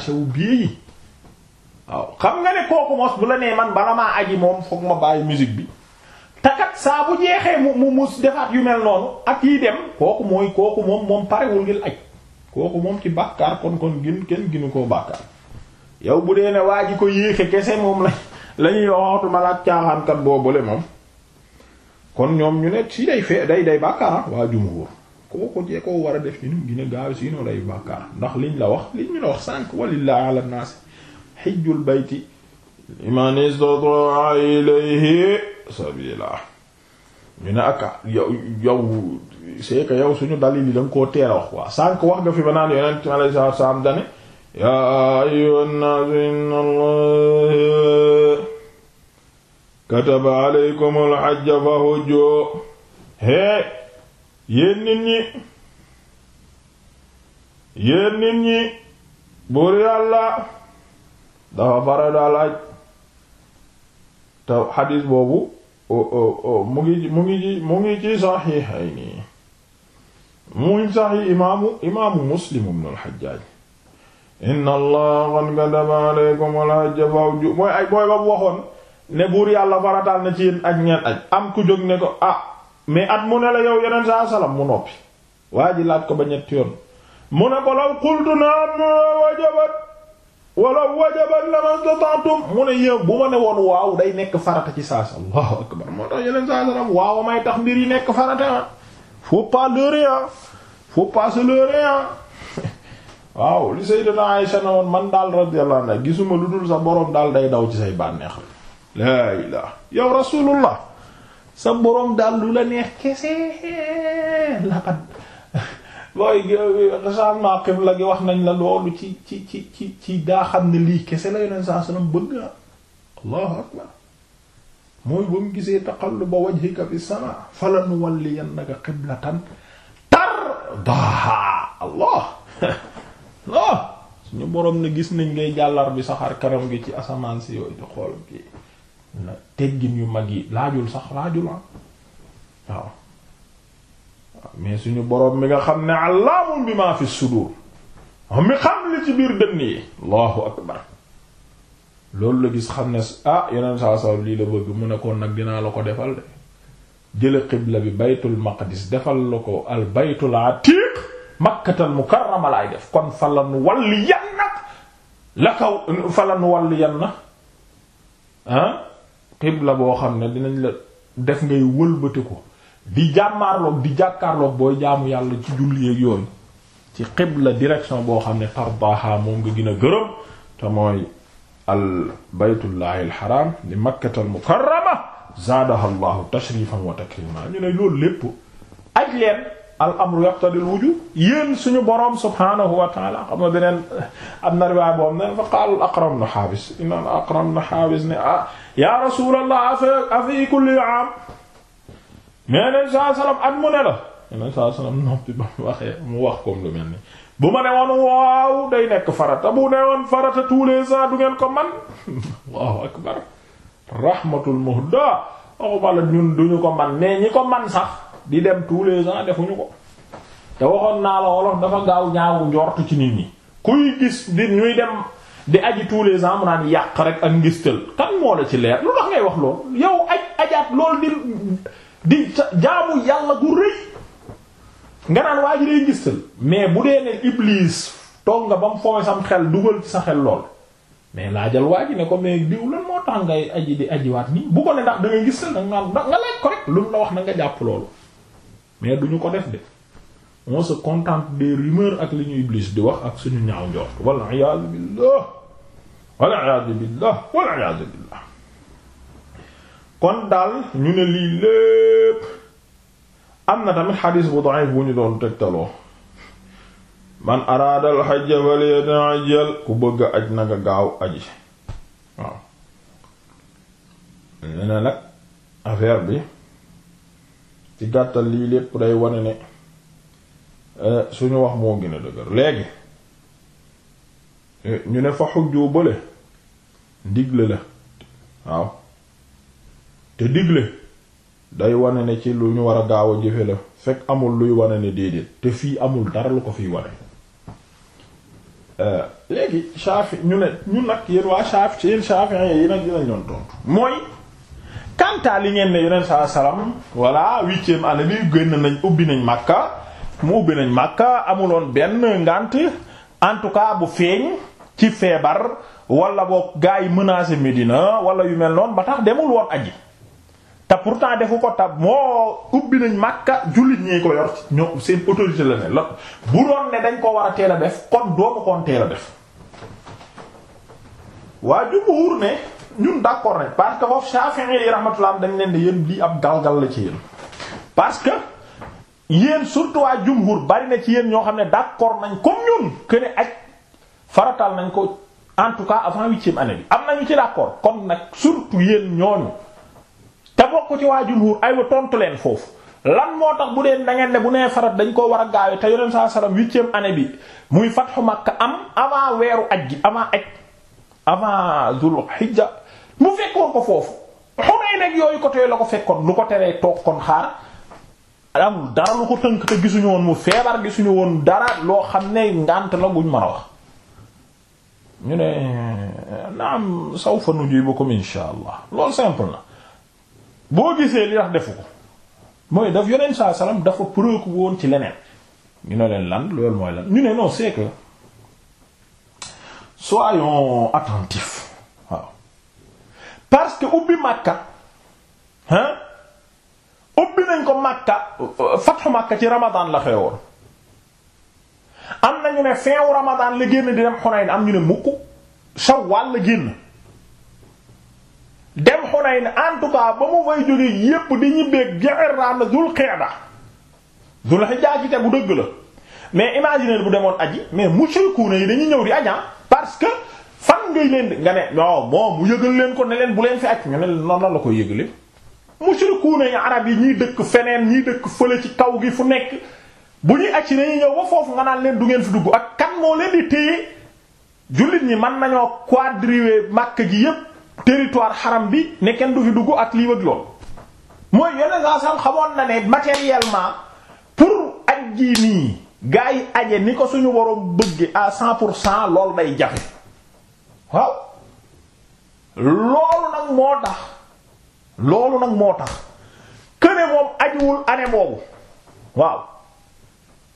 wu bii waaw xam nga ne kooku mos bu la nee man bala maa aji moom foog ma bàyyi musique bi takat saa bu jeexee mu mu mu defaat yu mel noonu ak yi dem kooku mooy kooku moom moom parewul ngi aj kooku moom ci bàkkaar kon kon gin kenn ginu koo bàkkaar yow bu dee ne waa ji ko yéexe kese moom la lañuy waxatu malaat caaxaankat le moom kon ñoom ñu ne si day fee day day bàkkaar ah, waa jumhur kooku jee koo war a def ci nu gina gaaw si noo day bàkkaar ndax liñ la wax liñ ñu la wax sànk walillahi ala naas xijjul bayti liman istata'a ilayhi sabila ñu ne ak yow yow c'est que suñu dalil yi da nga koo teel a wax quoi sànq wax nga fi ba naan yonent mi alayhi salaatu salaam dane yaa ayyuhan naas nit ñi yéen nit ñi buur yàlla dafa faradaal aj te xadiis boobu mu oh, ngi oh, oh, mu ngi ci mu ngi ci saxiixayni mu ngi saxiix imaamu imaamu muslim ibn al-Hajjaj inna allah qad kataba alaykum al-hajj fawju mooy ay booy ba waxoon ne buur yàlla farataal na ci yéen aj ngeen aj am ku jóg ne ko ah mais at mu ne la yow yeneen saa salaam mu noppi waa ji laaj ko ba ñetti yoon mu ne ko law qultu naam wajabat wala wajaban laman tata'tum mu ne yéen bu ma ne woon waaw day nekk farata ci saas allahu akbar moo tax yeneen saasaram waaw may tax mbir yi nekk farata faut pas leurrer ah faut pas se leurrer ah waaw li Sayyidatuna Aïsha na woon man daal radiyallahu anha gisuma lu dul sa boroom daal day daw ci say bànneex laa ilaa yow rasulullah sa boroom daal lu la neex kese labat looy changement euh, qibla gi wax nañ la loolu ci ci ci daaxam ne lii kese la yoneen saa sallam bëgg ah allahu akbar mooy ba mu gisee taqalluba wajhika fi sama falanuwalliyannaka qiblatan tardaha allah allah suñu boroom ne gis nañ ngay jàllar bi saxaar kanam gi ci asamaan si yooyu di xool gi teggin yu mag yi laajul sax laajul ah waaw mais suñu boroom mi nga xam ne allaamun bi ma fi sudur mi xam li ci biir dënn yi allahu loolu la gis xam ne ah yeneen saa saa lii la bëgg mu ne koon nag dinaa la ko defal de jële xibla bi baytul maqdis defal la ko al baytul atiq makkatal mukarrama laay def kon falan walli yanna la kaw falan walli yanna ah xibla boo xam ne dinañ la def ngay wëlbati ko di jàmmaarloog di jàkkaarloog booy jaamu yàlla ci julli ak yooyu ci xibla direction boo xam ne tardaha moom nga gën a gërëm te mooy al baytullahi al haram di makkata al mukarrama zaadaha llahu tashrifan wa takrima ñu ne loolu lépp aj leen al amru yaqtadi al wujub yéen suñu boroom subhanahu wa taala xam na beneen am na riwaay boo am al aqram na xaabis inna al aqram na xaabis ne ah, ya rasul allah afi kulli am nee nañ saa salaam at mu ne la nee nañ salaam noppi ba mu waxee mu wax comme lu mel ni bu ma ne woon waaw day nekk farata bu ne woon farata tous les ans du ngeen ko man allahu akbar rahmatul muhda waxuma la ñun duñu ko man mais ñi ko man sax di dem tous les ans defuñu ko te waxoon naa la wolof dafa gaaw ñaawu njort ci nit ñi kuy gis di ñuy dem di aji tous les ans mu naan yàq rek ak ngistal kan moo la ci leer lu tax ngay wax loolu yow aj ajaat loolu di jaamu yàlla gu rëy nga naan waa ji day mais bu dee ne iblis toog nga ba mu foowe sam xel dugal ci sa xel lool mais laajal waa ji ne ko mais diw lan moo tax ngay aji di ajiwaat nii bu ko ne ndax da ngay ngistal nag nga laaj ko rek lu mu la wax na nga jàpp loolu mais duñu ko def de on se contente des rumeurs ak li ñu iblis di wax ak suñu ñaaw njort wal iyaazu billah wal iyaazu billah kon daal ñu ne lii lépp am na tamit xadiis bu da'if bu ñu doon tegtaloo man araada al hajja falyata'ajjal ku bëgg a aj na nga gaaw aji waaw ne nag affaire bi ci gàttal lii lépp day wane ne eh, suñu wax moo gën a dëgër léegi eh, ñu ne fa xujju bële ndigle la waaw te digle day wane ne ci lu ñu war a gaaw a jëfe la fekk amul luy wane ne déedéet te fii amul dara lu ko fi wane euh, léegi Shafi ñu ne ñu nag yéen waa Shafi ci yéen Shafi yi nag dinañ doon tontu mooy kantaa li ngeen ne yeneen saa salaam voilà huitième année bi génn nañ ubbi nañ Makka mu ubbi nañ Makka amuloon benn ngànt en tout cas bu feeñ ci feebar wala boog gaa yi menacé Médina wala yu mel noon ba tax demul woon aji te pourtant defu ko tab moo ubbi nañ Makka jullit ñi ko yor ñoom seen autorité la ne la bu doon ne dañ koo war a teel a def kon doo ko kon teel a def waa jumhuur ne ñun d'accord nañ parce que foofu Shafi'i yi rahmatullah dañ leen di yéen lii ab galgal la ci parce que yéen surtout waa jumhuur bari na ci yéen ñoo xam ne d'accord nañ comme ñun que ne faratal nañ ko en tout cas avant huitième année bi am nañu ci d'accord kon nag surtout yéen ñooñu te bokk ci waa jumhur aywa tontu leen foofu lan moo tax bu dee da ne bu nee farat dañ koo war a gaawe te yonent saa salaam huitième bi muy fatxu Makka am avant weeru aj gi avant aj avant Zul Hijja mu fekkoon ko foofu xunay nag yooyu côté yooyu la ko fekkoon lu ko teree toog kon xaar amul dara lu ko tënk te mu feebar gisuñu woon dara loo xam ne ngànt la guñ mën a wax ñu ne naam sawfa nujibukum insha allah loolu simple na boo gisee li tax defu ko mooy daf yonent saa salaam dafa préoccupé woon ci leneen ñu ne leen lan loolu mooy lan ñu ne non c'est que soyons attentifs waaw parce que ubbi Makka hein ubbi nañ ko Makka euh, fatxu Makka ci Ramadan la xewoon am na ne feewu Ramadan la génn di dem Hunayn am ñu ne mukk Shawwal la génn. dem Hunayn en tout cas ba mu fay jóge yépp di ñibbeeg Ji'irraana Zul Qa'da Zul Hijja ci tegu dëgg la mais imaginer bu demoon aji mais mushrikuuna yi dañuy ñëw di ajan ah, parce que fan ngay leen nga ne non bon leen ko ne leen bu leen fi aj nga ne noonu la koy koy yëgalee. mushrikuuna yi arab yi ñiy dëkk feneen ñiy dëkk fële ci kaw gi fu nekk bu ñuy aj dañuy ñëw ba foofu nga naan leen du ngeen fi dugg ak kan moo leen di téye jullit ñi mën nañoo quadriller Makka gi yépp territoire xaram bi ne kenn du fi dugg ak lii ak lool mooy yeneen saa sam xamoon na ne matériellement pour aj ji nii gaa yi aje ni ko suñu waroon bëgge à cent pour cent lool day jafe waaw loolu nag moo tax loolu nag moo tax këne moom ajuwul année boobu waaw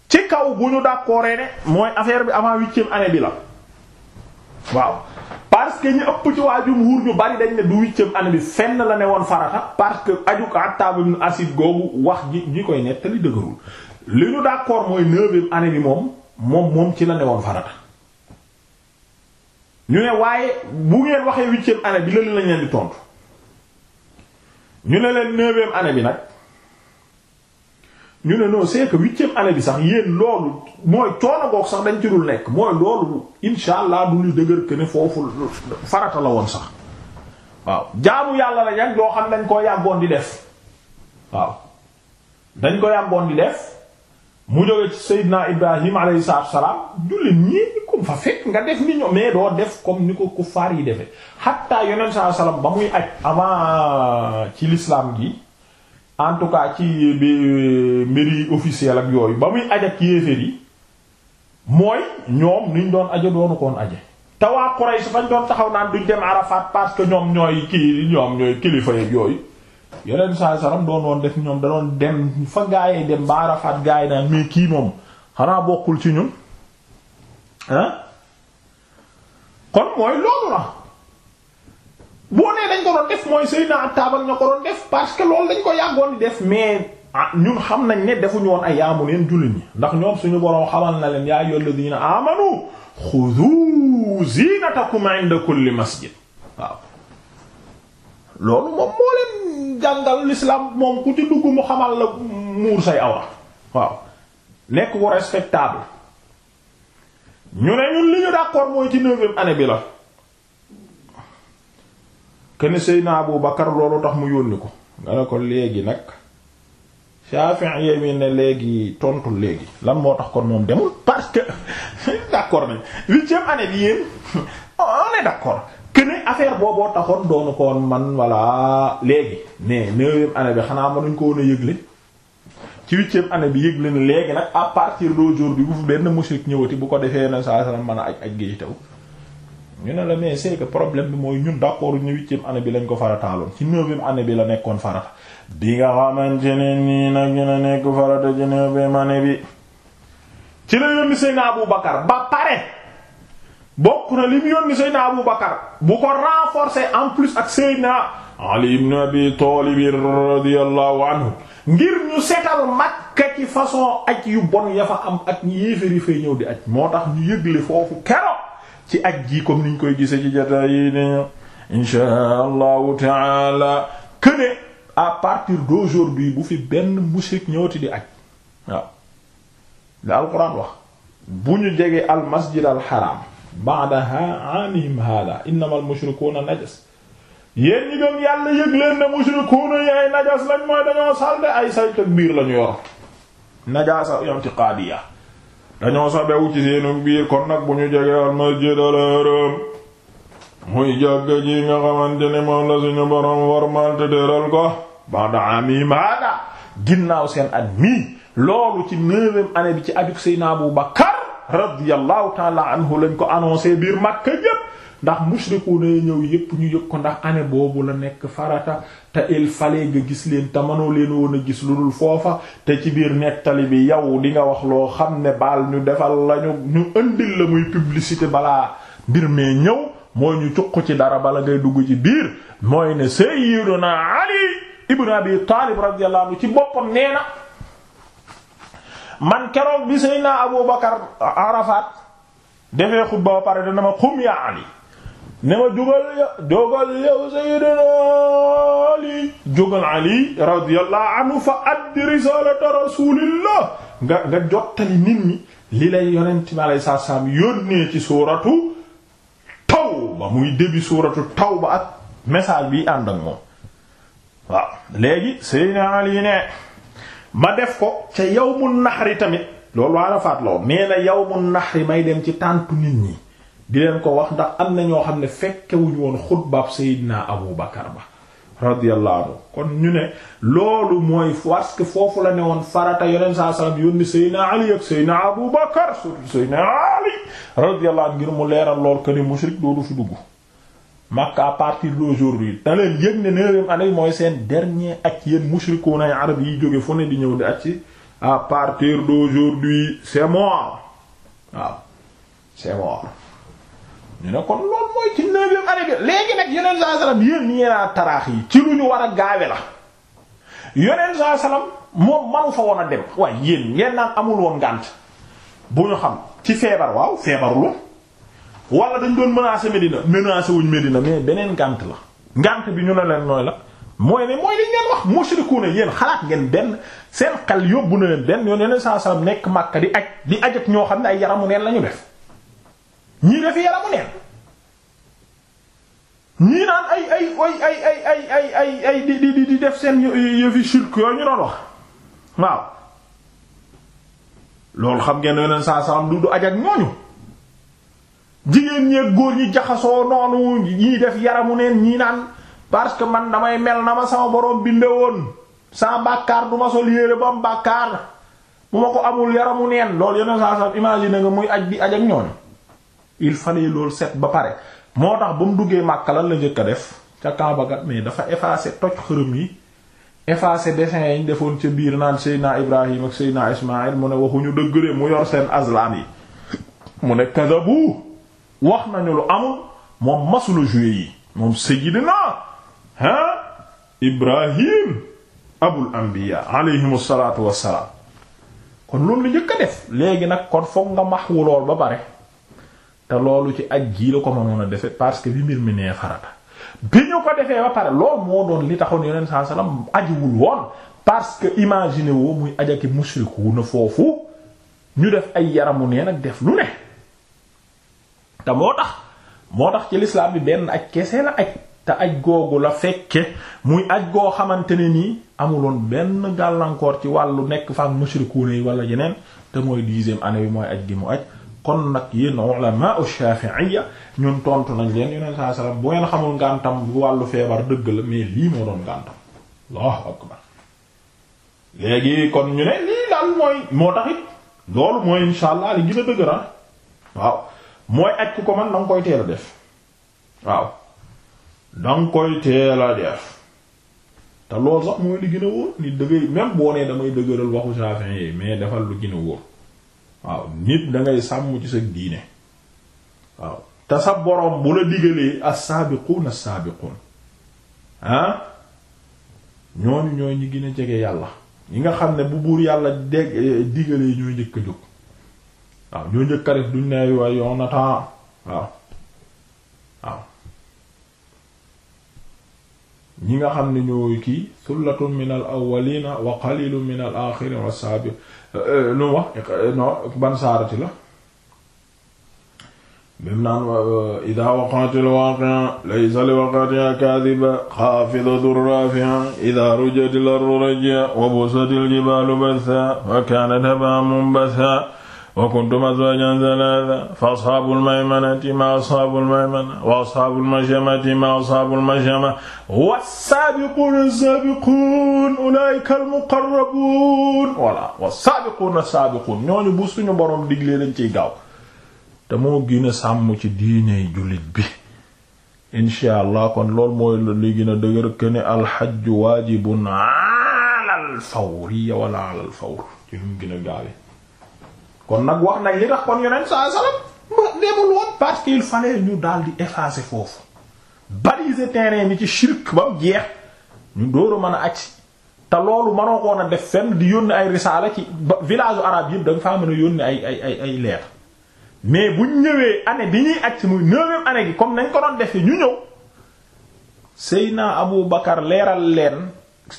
ci kaw bu ñu d'accord ne mooy affaire bi avant huitième année bi la waaw parce que ñu ëpp ci waa jumhuur ñu bari dañ ne du huitième année bi fenn la ne woon farata parce que aju ko Attab ibn Asid googu wax ji ñi koy nettali dëgërul li ñu d'accord mooy neuvième année bi moom moom moom ci la ne woon farata ñu ne waaye bu ngeen waxee huitième année bi la lañ leen di tontu ñu ne leen neuvième année bi nag ñu ne non c'est que huitième année bi sax yéen loolu mooy coono goog sax dañ ci dul nekk mooy loolu insha allah du ñu dëgër que ne foofu farata la woon sax waaw jaamu yàlla la yàgg loo xam dañ ko yàggoon di def waaw dañ ko yàggoon di def mu jóge ci Seydina Ibrahim alayhi salaam jullit ñii comme fa fekk nga def ni ñoom mais doo def comme ni ko kuffaar yi defee hatta yonent sa alayhi wasallam ba muy aj avant ci l'islam gi. en tout cas ci euh, euh, mbir yi officiel ak yooyu ba muy aj ak yéeféer yi mooy ñoom niñ doon aje doonu koon aje te waa Quraysh fañ doon taxaw naan duñ dem Arafat parce que ñoom ñooy kii ñoom ñooy kilifa yeeg yooyu yeneen saa saram doon woon def ñoom da doon dem fa gaayee dem ba Arafat gaay naan mais kii moom xanaa bokkul ci ñun kon mooy loolu la boo nee dañ ko doon def mooy sëy na taabal ña ko doon def parce que loolu dañ ko yàggoon di def mais ah ñun xam nañ ne defuñu woon ay yaamu leen jullit ndax ñoom suñu boroom xamal na leen yaa ayyuhal ladina amanu xudu zinatakum inda kulli masjid waaw loolu moom moo leen ku mu xamal la muur say awra waaw nekk ko respectable ñu ne ñun li ñu d'accord mooy ci neuvième année bi la kene Seydina Abu Bakar loolu tax mu yónni ko nga ne ko léegi nag Shafi'i mi ne léegi tontul léegi lan moo tax kon moom demul parce que d'accord nañ huitième année bi yéen on est d'accord que ne affaire booboo ko woon man voilà léegi mais neuvième année bi xanaa mënuñ ko woon a yëgle ci huitième année bi yëgle na léegi nag à partir d'aujourd'hui bu fi benn mushrik ñëwati bu ko defee na saa salaam mën a aj aj taw ñu ne la mais c'est problème bi mooy ñun d'accord ñu huitième année bi lañ ko farataaloon ci neuvième année bi la nekkoon farata bi nga xamante ne nii nag ñu ne nekk farata ci neuvième année bi ci la yónni Seydina Abu Bakar ba pare bokk na li mu yónni Seydina Abu Bakar bu ko renforcer en plus ak Seydina Ali ibn Abi Talib radiyallahu anhu ngir ñu setal Makka ci façon aj yu bon ya fa am ak yéefari fay ñëw di aj moo tax ñu yëgle foofu kero ci aj ji comme niñ koy gise ci jata yi ne inshaa allahu taala këne à partir d'aujourd'hui bu fi benn mushrik ñëwati di aj waaw la alquran wax bu ñu jege al masjid al haram ba'daha anihim hada innamal mushrikuuna najas yéen ñi gëm yàlla yëg leen ne mushrikuuna yaay najas lañ mooy dañoo salde ay saytu biir lañu yor najaasa i'tiqaadiya dañoo sabewu ci seenu biir kon nag bu ñu jege al masjid al muy jàkka ji nga xamante moom la suñu borom war malte déeral ko banda ami maada ginnaaw seen at mii loolu ci neuvième année bi ci ajuk Seydina Abu Bakar radiyallahu taala anhu lañ ko annoncé biir Makka yépp ndax mushriku ne ñëw yépp ñu yëg ko ndax année boobu la nekk farata te il fallait nga gis leen te mënoo leen woon a gis lu dul foofa te ci biir nettali bi yow di nga wax loo xam ne baal ñu defal la ñu ñu la muy publicité balaa mbir mee ñëw mooy ñu cuq ci dara bala ngay dugg ci biir mooy ne sayyiduna Ali ibn Abi Talib radiyallahu ci boppam nee na man keroog bi sayyidina Abu Bakar Arafat defee xutba ba pare dana ma xum yaa Ali ne ma jógal jógal yow sayyidina ali jógal ali radiyallahu anhu fa addi risalata rasulillah nga nga jottali nit ñi li lay yonent mi alayhi salaam yónnee ci suuratu tawba muy début suuratu ba ak message bi ànd ak moom waaw léegi sayyidina ali ne ma def ko ca yawmun nahri tamit loolu waa la faat la woon mais na yawmun nahri may dem ci tàntu nit ñi di leen ko wax ndax am na ñoo xam ne fekkewuñu woon xutbaab Seydina Abu Bakar ba radiyallahu anhu kon ñu ne loolu mooy parce que foofu la ne woon farata yoneen saa sallam yónni Seydina Ali ak Seydina Abu Bakar surtout Ali radiyallahu ngir mu leeral lool que ni mushrik doodu fi dugg Makka à partir d'aujourd'hui da leen ne neuvième année mooy seen dernier ak yéen mushrikoon ay arab yi jóge fu ne di ñëw di at ci à partir d'aujourd'hui c'est mort waaw c'est mort ñu ne kon loolu mooy ci neuvième année bi léegi nag yonent saa salaam yéen ñi yéen a taraax yi ci lu ñu war a gaawe la yonent saa salaam moom manu fa woon a dem waaye yéen ngeen naan amul woon ngànt bu ñu xam ci feebar waaw feebaru la wala dañ doon menacer Medina menacer wuñ Medina mais beneen ngànt la ngànt bi ñu ne leen nooy la mooy ne mooy li ngeen wax mushrikuuna yéen xalaat ngeen benn seen xel yóbbu na leen benn yoon yonent saa salaam nekk Makka di aj di aj ak ñoo xam ne ay yaramu neen la ñu def. ñii def yaramu neen ñii naan ay ay ay ay ay di di di def seen yëfi shirk yooyu ñu doon wax waaw loolu xam ngeen yeneen saa salaam du du aj ñooñu jigéen ñeeg góor ñi jaxasoo noonu ñii def yaramu neen ñii naan parce que man damay mel na ma sama borom binde woon sans bàkkaar du ma sol yére ba am bàkkaar bu ma ko amul yaramu neen loolu yeneen saa salaam imagine nga muy aj di aj ak ñooñu il fallait loolu set ba pare moo tax ba mu duggee Makka lan la njëkk def ca Kaaba ga mais dafa effacer toj xërëm yi effacer dessins yañ defoon ca biir naan Seydina Ibrahim ak Seydina Ismaïl mu ne waxuñu dëgg de mu yor seen aslaan yi mu ne kadabu wax nañu lu amul moom masula joué yi moom Seydina ah Ibrahim abul anbiya alayhim salaatu wassalaam kon loolu la njëkk a def léegi nag kon foog nga max lool ba pare te loolu ci aj gii la ko mënoon a defe parce que bi mbir mi nee bi ñu ko defee ba pare loolu moo doon li taxoon yonent saa salaam ajiwul woon parce que imagine woo muy ajaki mushrik wu foofu ñu def ay yaramu neen ak def lu ne te moo tax moo tax ci lislaam bi benn aj kese la aj te aj googu la fekke muy aj goo xamante ne nii amuloon benn gàllankoor ci wàllu nekk fa ak mushrikuuna yi wala yeneen te mooy dixième année bi mooy aj gi mu aj kon nag yéen ulama ash-shafi'iyya ñun tontu nañ leen yonent saa sallam bu ngeen xamul ngàntam bu wàllu feebar dëgg la mais lii moo doon ngàntam allahu akbar léegi kon ñu ne lii daal mooy moo tax loolu mooy insha allah li gën a dëgg na ah. waaw mooy aj ku ko man danga koy teel def waaw danga koy teel def te loolu sax mooy li gën a wóor nit dëgg même boo nee damay dëgëral waxu Shafi'i mais defal lu gën a wóor waaw nit da sàmm ci sa diine waaw te sa boroom bu la digalee as-saabiquun as ah ñooñu ñooy ñi a jege yàlla ñi nga xam ne bu buur yàlla dégg digalee ñooy njëkk a jóg waaw ñoo njëkk a def duñ ne waaye waaw waaw ñi nga xam ne ñooy kii sullatun min al awwalina wa qalilun min al wa saabiq Euh, euh, lu mu wax euh, non ban saarati la bim naan ida waqatil waqi'a laysa li waqatiha kadhiba xaafidatur rafi'a ida rujatil ardu raj'a wa busatil jibalu batha wa kanat haba'a munbatha wa kuntum azwajan thalatha fa ashaabul maymanati ma ashaabul maymana wa ashaabul mashamati ma ashaabul mashama was-saabiquuna as-saabiquun ulaa'ika al-muqarrabuun wala was-saabiquuna as-saabiquun ñooñu bu suñu borom diglee dañ ciy gaaw te moo gën a sàmm ci diiney jullit bi incha allah kon loolu mooy li gën a dëgër que ne alxajju waajibun ala al-fawri wala ala al-fawr ci ñu gën a gaawe kon nag wax nañ li tax kon yonent saa salaam demul woon parce qu'il fallait ñu daal di effacer foofu baliser terrain bi ci shirk ba mu jeex ñu door mën a acc te loolu mënoo ko woon a def fenn di yónni ay risaala ci village u arabe yëpp da nga faa mën a yónni ay ay ay leer mais buñ ñëwee année bi ñuy acc muy neuvième année gi comme nañ ko doon defee ñu ñëw Seyna Abu Bakar leeral leen.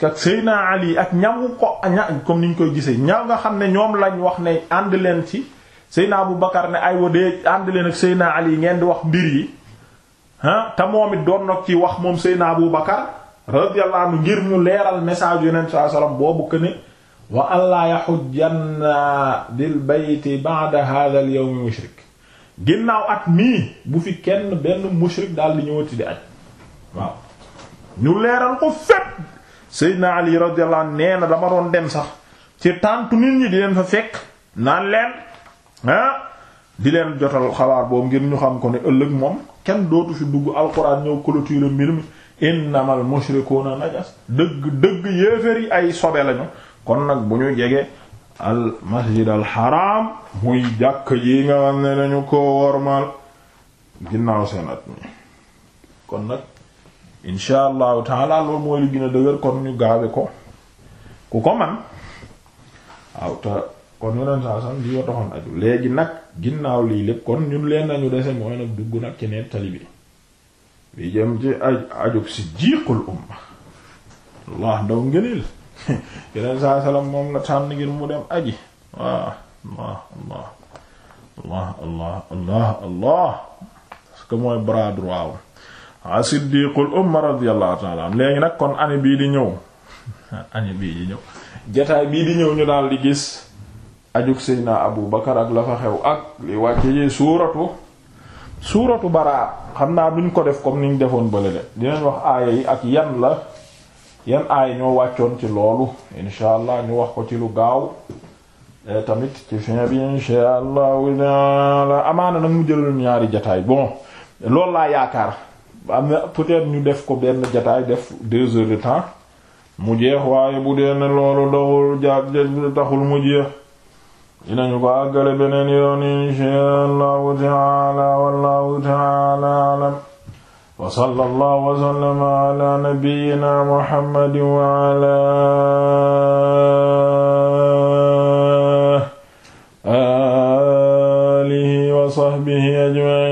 parce que Seyna Ali ak ñamu ko ña comme ni ñu koy gisee ña nga xam ne ñoom lañ wax ne ànd leen ci Seyna Abu Bakar ne aywa de ànd leen ak Seyna Ali ngeen di wax mbir yi ah te moom it doon nag ci wax moom Seyna Abu Bakar radiyallahu anhu ngir ñu leeral message Yonent sallallahu alayhi boobu que ne wa alla yahujjanna bil bayti ba'da hadha al yawm mushrik ginnaaw at mii bu fi kenn benn mushrik daal di ñëwati di aj waaw ñu leeral ko fépp Seydina Ali radiyallahu anhu nee na dama doon dem sax ci tàntu nit ñi di leen fa fekk naan leen di leen jotal xalaat boobu ngir ñu xam ko ne ëllëg moom kenn dootu fi dugg alxuraan ñëw clôture mbir mi innamal mushrikuuna najas dëgg dëgg yéefér yi ay sobe lañu kon nag bu ñu jege al masjid al haram muy jàkk ji nga xam ne dañu ko wormal ginnaaw seen mi kon nag insha allahu taala loolu mooy lu gën dëgër kon ñu gaawe ko ku ko man waaw te kon yeneen saa sam di yoo aju léegi nag ginnaaw lii lépp kon ñun leen nañu dese mooy nag dugg nag ci neen tali bi bi jëm ci aj ajug si umma allah ndaw ngëneel yeneen saa salaam moom la tànn ngir mu dem aji waaw allah allah allah allah allah parce mooy bras droit a siddiqul umma radiyallahu ta'ala an léegi nag kon année bii di ñëw année bii bii di ñëw ñu daal di gis ajug abu bakar ak xew ak li wàcce ji suuratu xam naa duñ ko def comme niñ defoon bële de wax aaya yi ak yan la yan aaya ñoo ci loolu insha allah wax ko ci lu gaaw eh, tamit ci fin bi insha allahu mu jëlal ñaari jataay bon loolu laa yaakaar am na peut-être ñu def ko benn jataay def deux heures de temps mu jeex waaye bu dee ne loolu doxul jaar taxul mu jeex dinañu ko àggale beneen yoon inshaa allahu taala wallahu taala alam wa sallallahu wa sallama ala nabiyyina muhammadin wa ala alihi wa sahbihi ajma'in